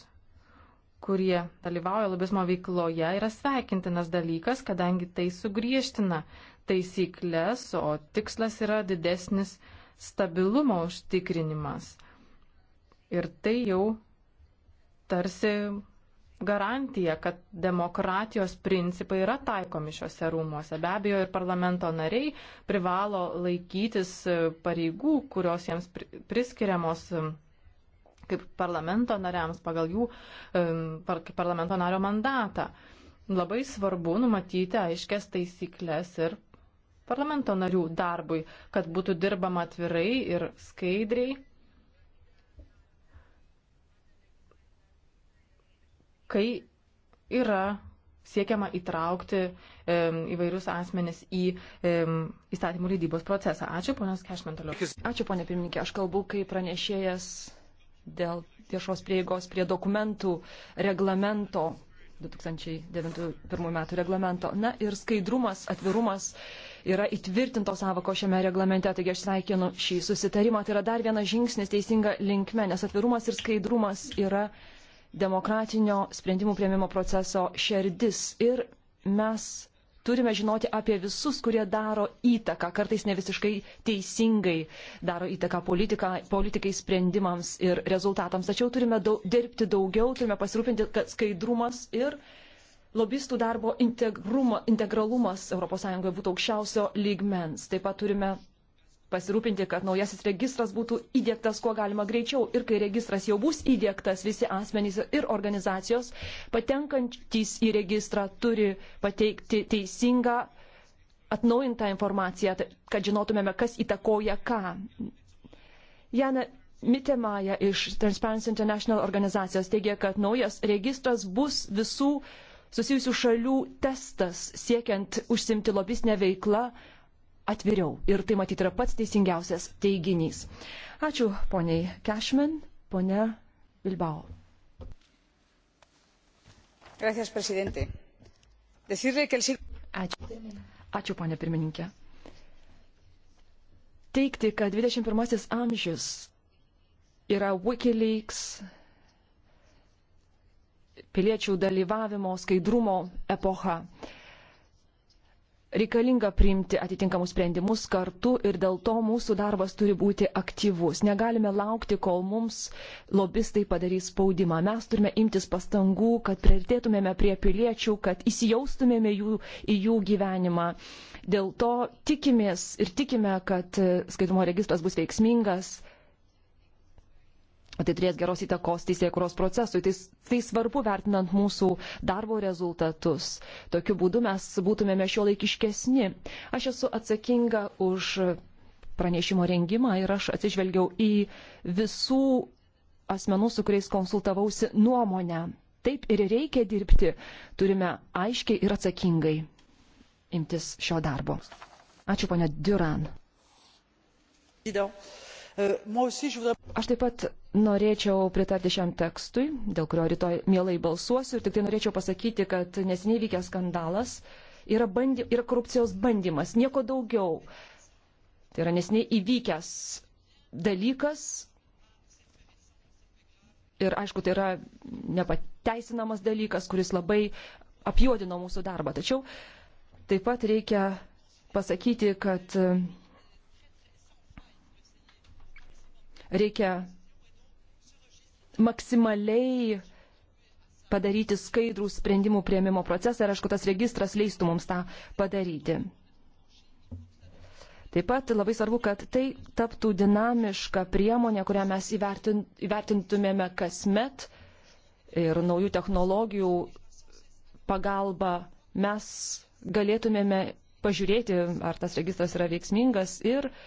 kurie dalyvauja lobizmo veikloje, yra sveikintinas dalykas, kadangi tai sugriežtina taisyklės, o tikslas yra didesnis stabilumo užtikrinimas. Ir tai jau tarsi garantija, kad demokratijos principai yra taikomi šiuose rūmuose. Be abejo, ir parlamento nariai privalo laikytis pareigų, kurios jiems priskiriamos um, kaip parlamento nariams pagal jų um, parlamento nario mandatą. Labai svarbu numatyti aiškias taisyklės ir parlamento narių darbui, kad būtų dirbama atvirai ir skaidriai. Kai yra siekiama įtraukti e, įvairius asmenis į e, įstatymų leidybos procesą. Ačiū, ponas Kešman, toliau. Ačiū, ponė pirmininkė. Aš kalbu kaip pranešėjas dėl viešos prieigos prie dokumentų reglamento 2009 metų reglamento. Na ir skaidrumas, atvirumas yra įtvirtintos savako šiame reglamente, taigi aš sveikinu šį susitarimą. Tai yra dar vienas žingsnis teisinga linkme, nes atvirumas ir skaidrumas yra demokratinio sprendimų prieimimo proceso šerdis. Ir mes turime žinoti apie visus, kurie daro įtaką, kartais ne visiškai teisingai daro įtaką politika, politikai sprendimams ir rezultatams. Tačiau turime daug, dirbti daugiau, turime pasirūpinti, kad skaidrumas ir lobistų darbo integralumas ES būtų aukščiausio lygmens. Taip pat turime pasirūpinti, kad naujasis registras būtų įdėktas kuo galima greičiau ir kai registras jau bus įdėktas, visi asmenys ir organizacijos patenkantys į registrą turi pateikti teisingą atnaujintą informaciją, tai kad žinotumėme, kas įtakoja ką. Jana Mitemaja iš Transparency International organizacijos teigia, kad naujas registras bus visų uh, susijusių šalių testas siekiant užsimti lobistinę veiklą atviriau. Ir tai matyt yra pats teisingiausias teiginys. Ačiū poniai Cashman, ponia Bilbao. Gracias, presidente. Decirle que el siglo. Ačiū. Ačiū, ponė pirmininkė. Teikti, kad 21 amžius yra Wikileaks, piliečių dalyvavimo, skaidrumo epocha. Reikalinga priimti atitinkamus sprendimus kartu ir dėl to mūsų darbas turi būti aktyvus. Negalime laukti, kol mums lobistai padarys spaudimą. Mes turime imtis pastangų, kad prieartėtumėme prie piliečių, kad įsijaustumėme jų, į jų gyvenimą. Dėl to tikimės ir tikime, kad skaitimo registras bus veiksmingas, Tai turės geros įtakos teisėkuros procesui. Tai, tai svarbu vertinant mūsų darbo rezultatus. Tokiu būdu mes būtumėme šio laikiškesni. Aš esu atsakinga už pranešimo rengimą ir aš atsižvelgiau į visų asmenų, su kuriais konsultavausi nuomonę. Taip ir reikia dirbti. Turime aiškiai ir atsakingai imtis šio darbo. Ačiū, ponia Duran. Euh, aš taip pat Norėčiau pritarti šiam tekstui, dėl kurio rytoj mielai balsuosiu ir tik tai norėčiau pasakyti, kad nesiniai vykęs skandalas yra, bandy, yra korupcijos bandymas, nieko daugiau. Tai yra nesiniai įvykęs dalykas ir aišku, tai yra nepateisinamas dalykas, kuris labai apjuodino mūsų darbą. Tačiau taip pat reikia pasakyti, kad reikia maksimaliai padaryti skaidrų sprendimų prieimimo procesą ir aišku, tas registras leistų mums tą padaryti. Taip pat labai svarbu, kad tai taptų dinamiška priemonė, kurią mes įvertintumėme kasmet ir naujų technologijų pagalba mes galėtumėme pažiūrėti, ar tas registras yra veiksmingas ir uh,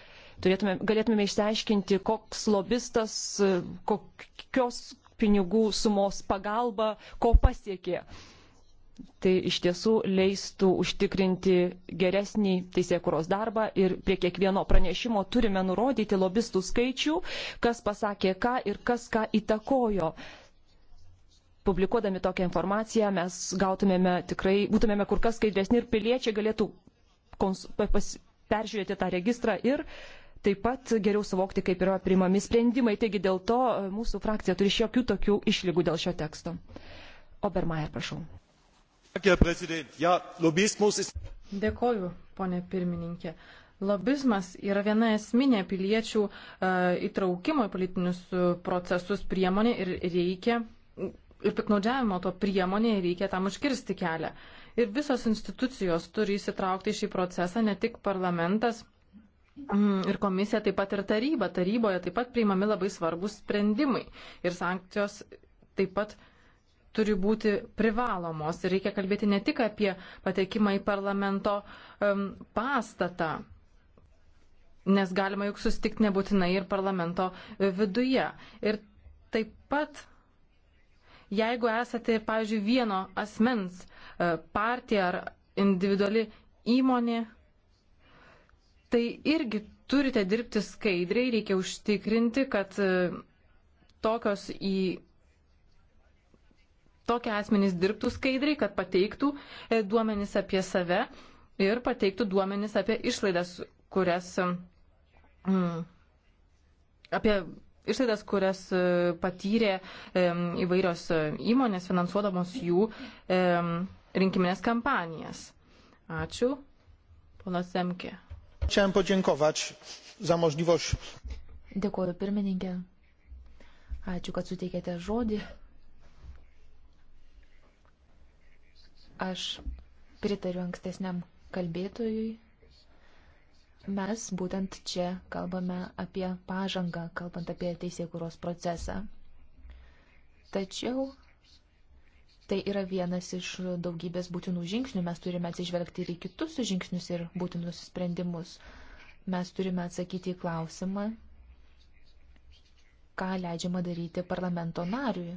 turėtume, galėtume išsiaiškinti, koks lobistas, e, kokios pinigų sumos pagalba, ko pasiekė. Tai iš tiesų leistų užtikrinti geresnį teisėkuros darbą ir prie kiekvieno pranešimo turime nurodyti lobistų skaičių, kas pasakė ką ir kas ką įtakojo publikuodami tokią informaciją mes gautumėme tikrai, būtumėme kur kas skaidresni ir piliečiai galėtų kons, pas, peržiūrėti tą registrą ir taip pat geriau suvokti, kaip yra primami sprendimai. Taigi dėl to e, mūsų frakcija turi šiokių tokių išlygų dėl šio teksto. Obermeier, prašau. Dėkoju, ponė pirmininkė. Lobizmas yra viena esminė piliečių uh, įtraukimo į politinius e, procesus priemonė ir reikia ir piknaudžiavimo to priemonė reikia tam užkirsti kelią. Ir visos institucijos turi įsitraukti į šį procesą, ne tik parlamentas, Mm, ir komisija taip pat ir taryba. Taryboje taip pat priimami labai svarbus sprendimai. Ir sankcijos taip pat turi būti privalomos. Ir reikia kalbėti ne tik apie patekimą į parlamento um, pastatą, nes galima juk sustikti nebūtinai ir parlamento e, viduje. Ir taip pat, jeigu esate, pavyzdžiui, vieno asmens e, partija ar individuali įmonė, tai irgi turite dirbti skaidriai, reikia užtikrinti, kad e, tokios į tokie asmenys dirbtų skaidriai, kad pateiktų e, duomenys apie save ir pateiktų duomenys apie išlaidas, kurias, e, mm, apie išlaidas, kurias patyrė mm, įvairios įmonės finansuodamos jų mm, rinkiminės kampanijas. Ačiū, ponas Semke. Chciałem podziękować za możliwość. Dėkuoju pirmininkė. Ačiū, kad suteikėte žodį. Aš pritariu ankstesniam kalbėtojui. Mes būtent čia kalbame apie pažangą, kalbant apie teisėkūros procesą. Tačiau Tai yra vienas iš daugybės būtinų žingsnių. Mes turime atsižvelgti ir į kitus žingsnius ir būtinus sprendimus. Mes turime atsakyti į klausimą, ką leidžiama daryti parlamento nariui.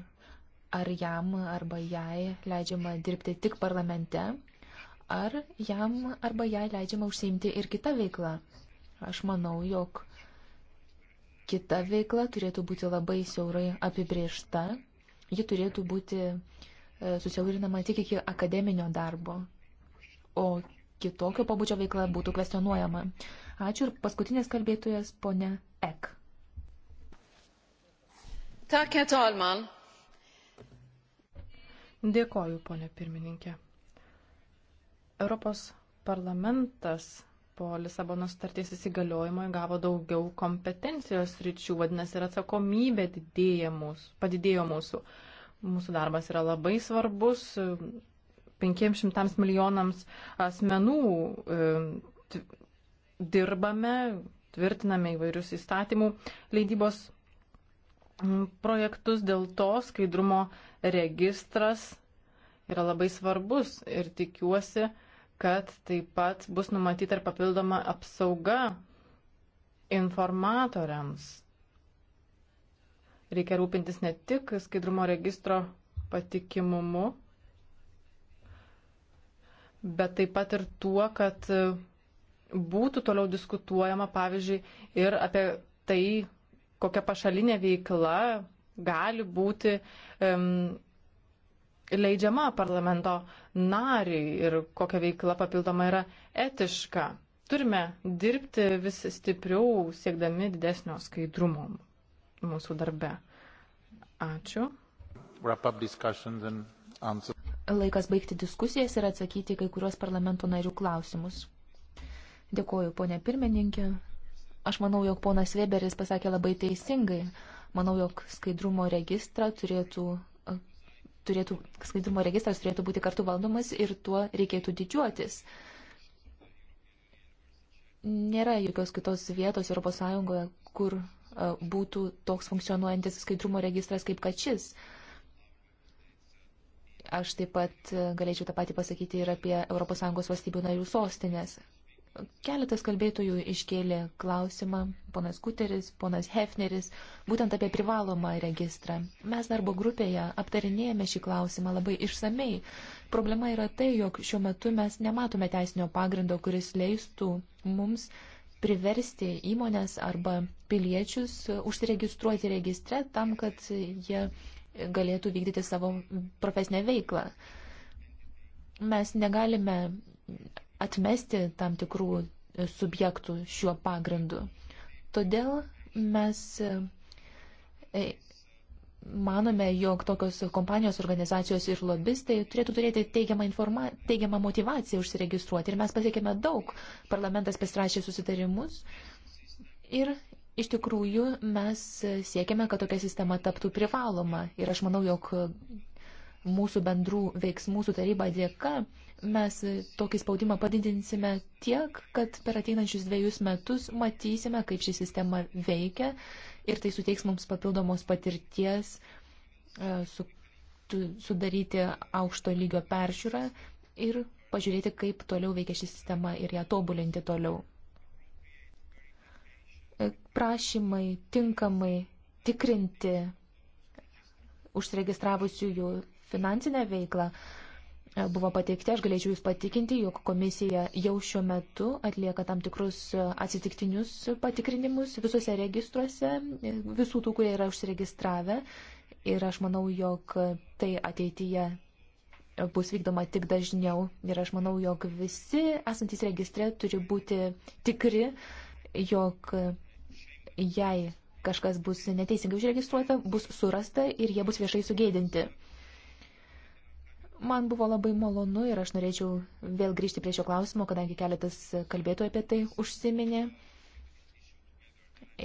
Ar jam arba jai leidžiama dirbti tik parlamente, ar jam arba jai leidžiama užsiimti ir kitą veiklą. Aš manau, jog kita veikla turėtų būti labai siaurai apibriešta. Ji turėtų būti uh, E, susiaurinama tik iki akademinio darbo, o kitokio pabudžio veikla būtų kvestionuojama. Ačiū ir paskutinis kalbėtojas, ponė Ek. Tak, talman. Dėkoju, ponė pirmininkė. Europos parlamentas po Lisabono sutarties įsigaliojimo įgavo daugiau kompetencijos ryčių, vadinasi, ir atsakomybė didėjo mūsų, padidėjo mūsų. Uh, Mūsų darbas yra labai svarbus. 500 milijonams asmenų e, dirbame, tvirtiname įvairius įstatymų leidybos projektus, dėl to skaidrumo registras yra labai svarbus ir tikiuosi, kad taip pat bus numatyta ir papildoma apsauga informatoriams Reikia rūpintis ne tik skaidrumo registro patikimumu, bet taip pat ir tuo, kad būtų toliau diskutuojama, pavyzdžiui, ir apie tai, kokia pašalinė veikla gali būti um, leidžiama parlamento nariai ir kokia veikla papildoma yra etiška. Turime dirbti vis stipriau siekdami didesnio skaidrumo mūsų darbe. Ačiū. Laikas baigti diskusijas ir atsakyti kai kuriuos parlamento narių klausimus. Dėkuoju, ponė pirmininkė. Aš manau, jog ponas Weberis pasakė labai teisingai. Manau, jog skaidrumo registrą turėtų turėtų, skaidrumo registras turėtų būti kartu valdomas ir tuo reikėtų didžiuotis. Nėra jokios kitos vietos ES, kur E, būtų toks funkcionuojantis skaidrumo registras kaip kad šis. Aš taip pat e, galėčiau tą patį pasakyti ir apie ES valstybių narių sostinės. Keletas kalbėtojų iškėlė klausimą, ponas Kuteris, ponas Hefneris, būtent apie privalomą registrą. Mes darbo grupėje aptarinėjame šį klausimą labai išsamei. Problema yra tai, jog šiuo metu mes nematome teisinio pagrindo, kuris leistų mums uh, priversti įmonės arba piliečius užsiregistruoti registre tam, kad jie galėtų vykdyti savo profesinę veiklą. Mes negalime atmesti tam tikrų subjektų šiuo pagrindu. Todėl mes manome, jog tokios kompanijos, organizacijos ir lobistai turėtų turėti teigiamą, informa, teigiamą motivaciją užsiregistruoti. Ir mes pasiekėme daug. Parlamentas pasirašė susitarimus. Ir iš tikrųjų mes siekiame, kad tokia sistema taptų privaloma. Ir aš manau, jog mūsų bendrų veiksmų su taryba dėka mes tokį spaudimą padidinsime tiek, kad per ateinančius dviejus metus matysime, kaip ši sistema veikia ir tai suteiks mums papildomos patirties e, su, tu, sudaryti aukšto lygio peržiūrą ir pažiūrėti, kaip toliau veikia ši sistema ir ją tobulinti toliau. E, prašymai tinkamai tikrinti užsiregistravusiųjų finansinę veiklą uh, E, buvo pateikti, aš galėčiau Jūs patikinti, jog komisija jau šiuo metu atlieka tam tikrus e, atsitiktinius patikrinimus visose registruose, e, visų tų, kurie yra užsiregistravę. Ir aš manau, jog tai ateityje bus vykdoma tik dažniau. Ir aš manau, jog visi esantys registre turi būti tikri, jog jei kažkas bus neteisingai užregistruota, bus surasta ir jie bus viešai sugėdinti. Man buvo labai malonu ir aš norėčiau vėl grįžti prie šio klausimo, kadangi keletas kalbėtų apie tai užsiminė.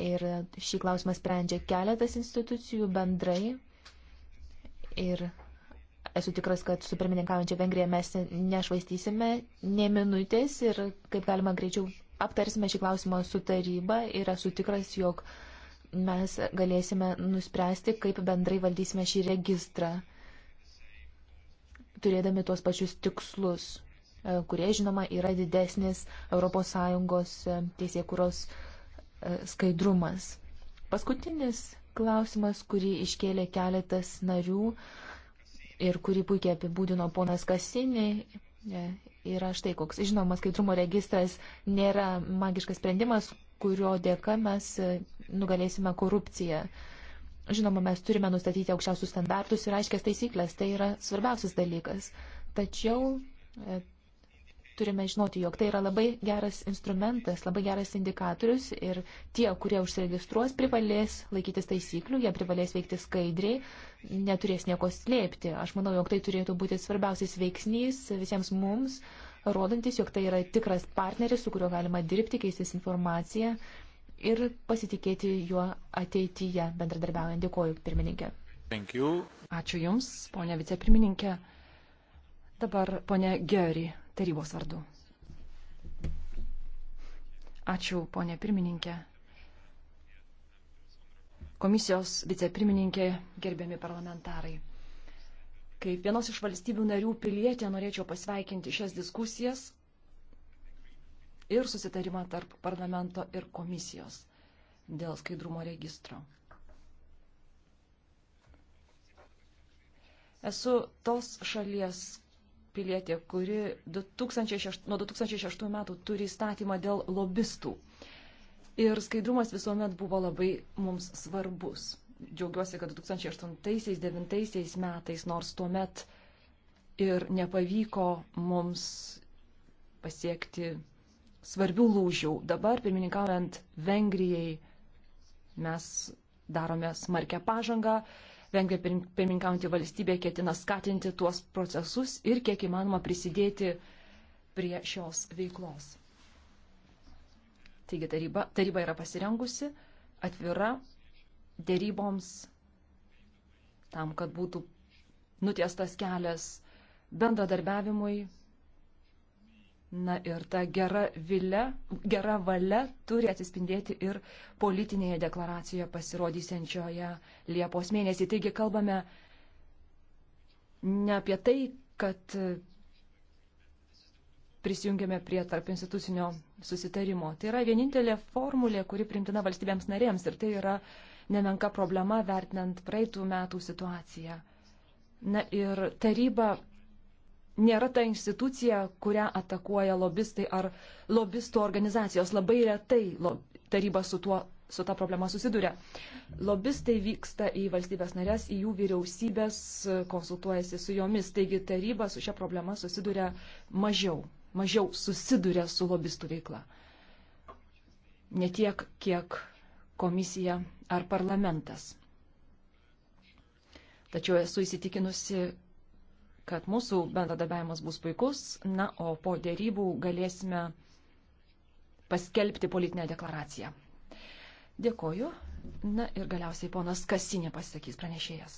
Ir šį klausimą sprendžia keletas institucijų bendrai. Ir esu tikras, kad su pirmininkaujančia Vengrija mes nešvaistysime ne minutės ir kaip galima greičiau aptarsime šį klausimą su taryba ir esu tikras, jog mes galėsime nuspręsti, kaip bendrai valdysime šį registrą turėdami tuos pačius tikslus, e, kurie, žinoma, yra didesnis ES e, teisėkuros e, skaidrumas. Paskutinis klausimas, kurį iškėlė keletas narių ir kurį puikiai apibūdino ponas Kasinį, yra štai koks. Žinoma, skaidrumo registras nėra magiškas sprendimas, kurio dėka mes nugalėsime korupciją. Žinoma, mes turime nustatyti aukščiausius standartus ir aiškias taisyklės, tai yra svarbiausias dalykas. Tačiau e, turime žinoti, jog tai yra labai geras instrumentas, labai geras indikatorius ir tie, kurie užsiregistruos, privalės laikytis taisyklių, jie privalės veikti skaidriai, neturės nieko slėpti. Aš manau, jog tai turėtų būti svarbiausias veiksnys visiems mums, rodantis, jog tai yra tikras partneris, su kuriuo galima dirbti, keistis informaciją ir pasitikėti juo ateityje bendradarbiaujant. Dėkuoju, pirmininkė. Ačiū Jums, ponė vicepirmininkė. Dabar ponė Geri, tarybos vardu. Ačiū, ponė pirmininkė. Komisijos vicepirmininkė, gerbiami parlamentarai. Kaip vienos iš valstybių narių pilietė norėčiau pasveikinti šias diskusijas ir susitarimą tarp parlamento ir komisijos dėl skaidrumo registro. Esu tos šalies pilietė, kuri 2006, nuo 2006 metų turi įstatymą dėl lobistų. Ir skaidrumas visuomet buvo labai mums svarbus. Džiaugiuosi, kad 2008-2009 metais, nors tuo met ir nepavyko mums pasiekti svarbių lūžių. Dabar, pirmininkaujant Vengrijai, mes darome smarkę pažangą. Vengrija pirmininkaujantį valstybę ketina skatinti tuos procesus ir kiek įmanoma prisidėti prie šios veiklos. Taigi taryba, taryba yra pasirengusi, atvira dėryboms tam, kad būtų nutiestas kelias bendradarbiavimui Na ir ta gera, vilė, gera valia turi atsispindėti ir politinėje deklaracijoje pasirodysiančioje Liepos mėnesį. Taigi kalbame ne apie tai, kad prisijungiame prie tarp institucinio susitarimo. Tai yra vienintelė formulė, kuri primtina valstybėms narėms ir tai yra nemenka problema vertinant praeitų metų situaciją. Na ir taryba nėra ta institucija, kurią atakuoja lobistai ar lobistų organizacijos. Labai retai taryba su, tuo, su ta problema susiduria. Lobistai vyksta į valstybės narės, į jų vyriausybės, konsultuojasi su jomis. Taigi taryba su šia problema susiduria mažiau, mažiau susiduria su lobistų veikla. Ne tiek, kiek komisija ar parlamentas. Tačiau esu įsitikinusi, kad mūsų bendradarbiavimas bus puikus, na, o po dėrybų galėsime paskelbti politinę deklaraciją. Dėkoju. Na ir galiausiai ponas Kasinė pasisakys pranešėjas.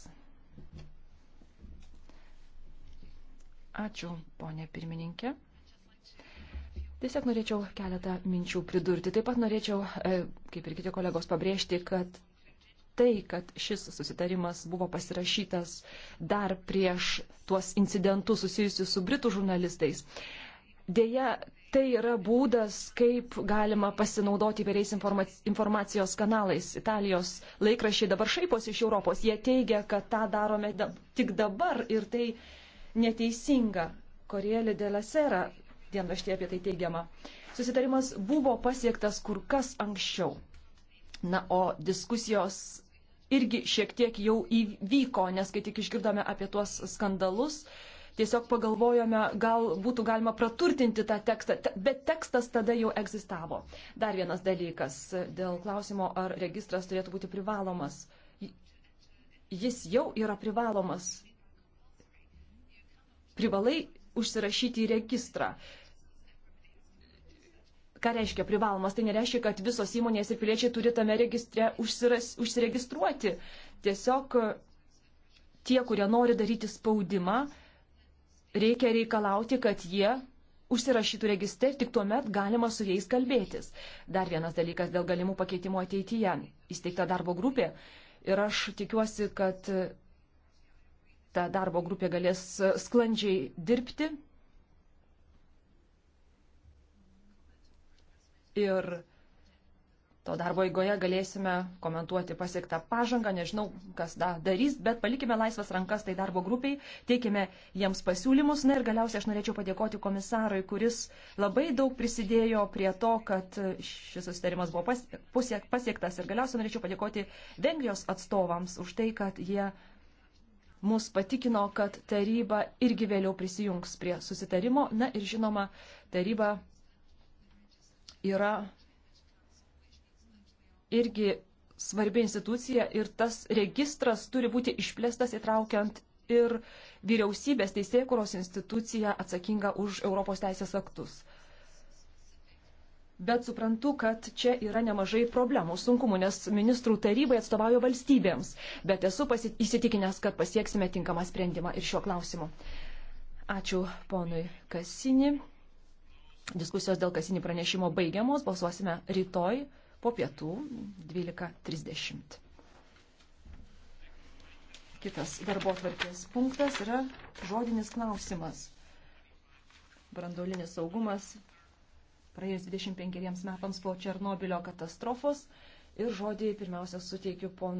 Ačiū, ponė pirmininkė. Tiesiog norėčiau keletą minčių pridurti. Taip pat norėčiau, e, kaip ir kiti kolegos, pabrėžti, kad tai, kad šis susitarimas buvo pasirašytas dar prieš tuos incidentus susijusius su britų žurnalistais. Deja, tai yra būdas, kaip galima pasinaudoti įvairiais informacijos kanalais. Italijos laikrašiai dabar šaipos iš Europos. Jie teigia, kad tą darome da tik dabar ir tai neteisinga. Korėlė de la Sera dienraštė apie tai teigiama. Susitarimas buvo pasiektas kur kas anksčiau. Na, o diskusijos irgi šiek tiek jau įvyko, nes kai tik išgirdome apie tuos skandalus, tiesiog pagalvojome, gal būtų galima praturtinti tą tekstą, bet tekstas tada jau egzistavo. Dar vienas dalykas dėl klausimo, ar registras turėtų būti privalomas. Jis jau yra privalomas. Privalai užsirašyti į registrą ką reiškia privalomas, tai nereiškia, kad visos įmonės ir piliečiai turi tame registre užsiras, užsiregistruoti. Tiesiog e, tie, kurie nori daryti spaudimą, reikia reikalauti, kad jie užsirašytų registre ir tik tuomet galima su jais kalbėtis. Dar vienas dalykas dėl galimų pakeitimų ateityje. Įsteigta darbo grupė ir aš tikiuosi, kad e, ta darbo grupė galės e, sklandžiai dirbti ir to darbo eigoje galėsime komentuoti pasiektą pažangą, nežinau, kas da darys, bet palikime laisvas rankas tai darbo grupiai, teikime jiems pasiūlymus. Na ir galiausiai aš norėčiau padėkoti komisarui, kuris labai daug prisidėjo prie to, kad šis susitarimas buvo pasiektas. Ir galiausiai norėčiau padėkoti Vengrijos atstovams už tai, kad jie mus patikino, kad taryba irgi vėliau prisijungs prie susitarimo. Na ir žinoma, taryba yra irgi svarbi institucija ir tas registras turi būti išplėstas įtraukiant ir vyriausybės teisėkuros instituciją atsakingą už Europos teisės aktus. Bet suprantu, kad čia yra nemažai problemų, sunkumų, nes ministrų tarybai atstovauja valstybėms. Bet esu įsitikinęs, kad pasieksime tinkamą sprendimą ir šiuo klausimu. Ačiū ponui Kasini. Diskusijos dėl kasinį pranešimo baigiamos, balsuosime rytoj po pietų 12.30. Kitas darbo tvarkės punktas yra žodinis klausimas. Brandolinis saugumas praėjus 25 metams po Černobilio katastrofos ir žodį pirmiausia suteikiu ponui.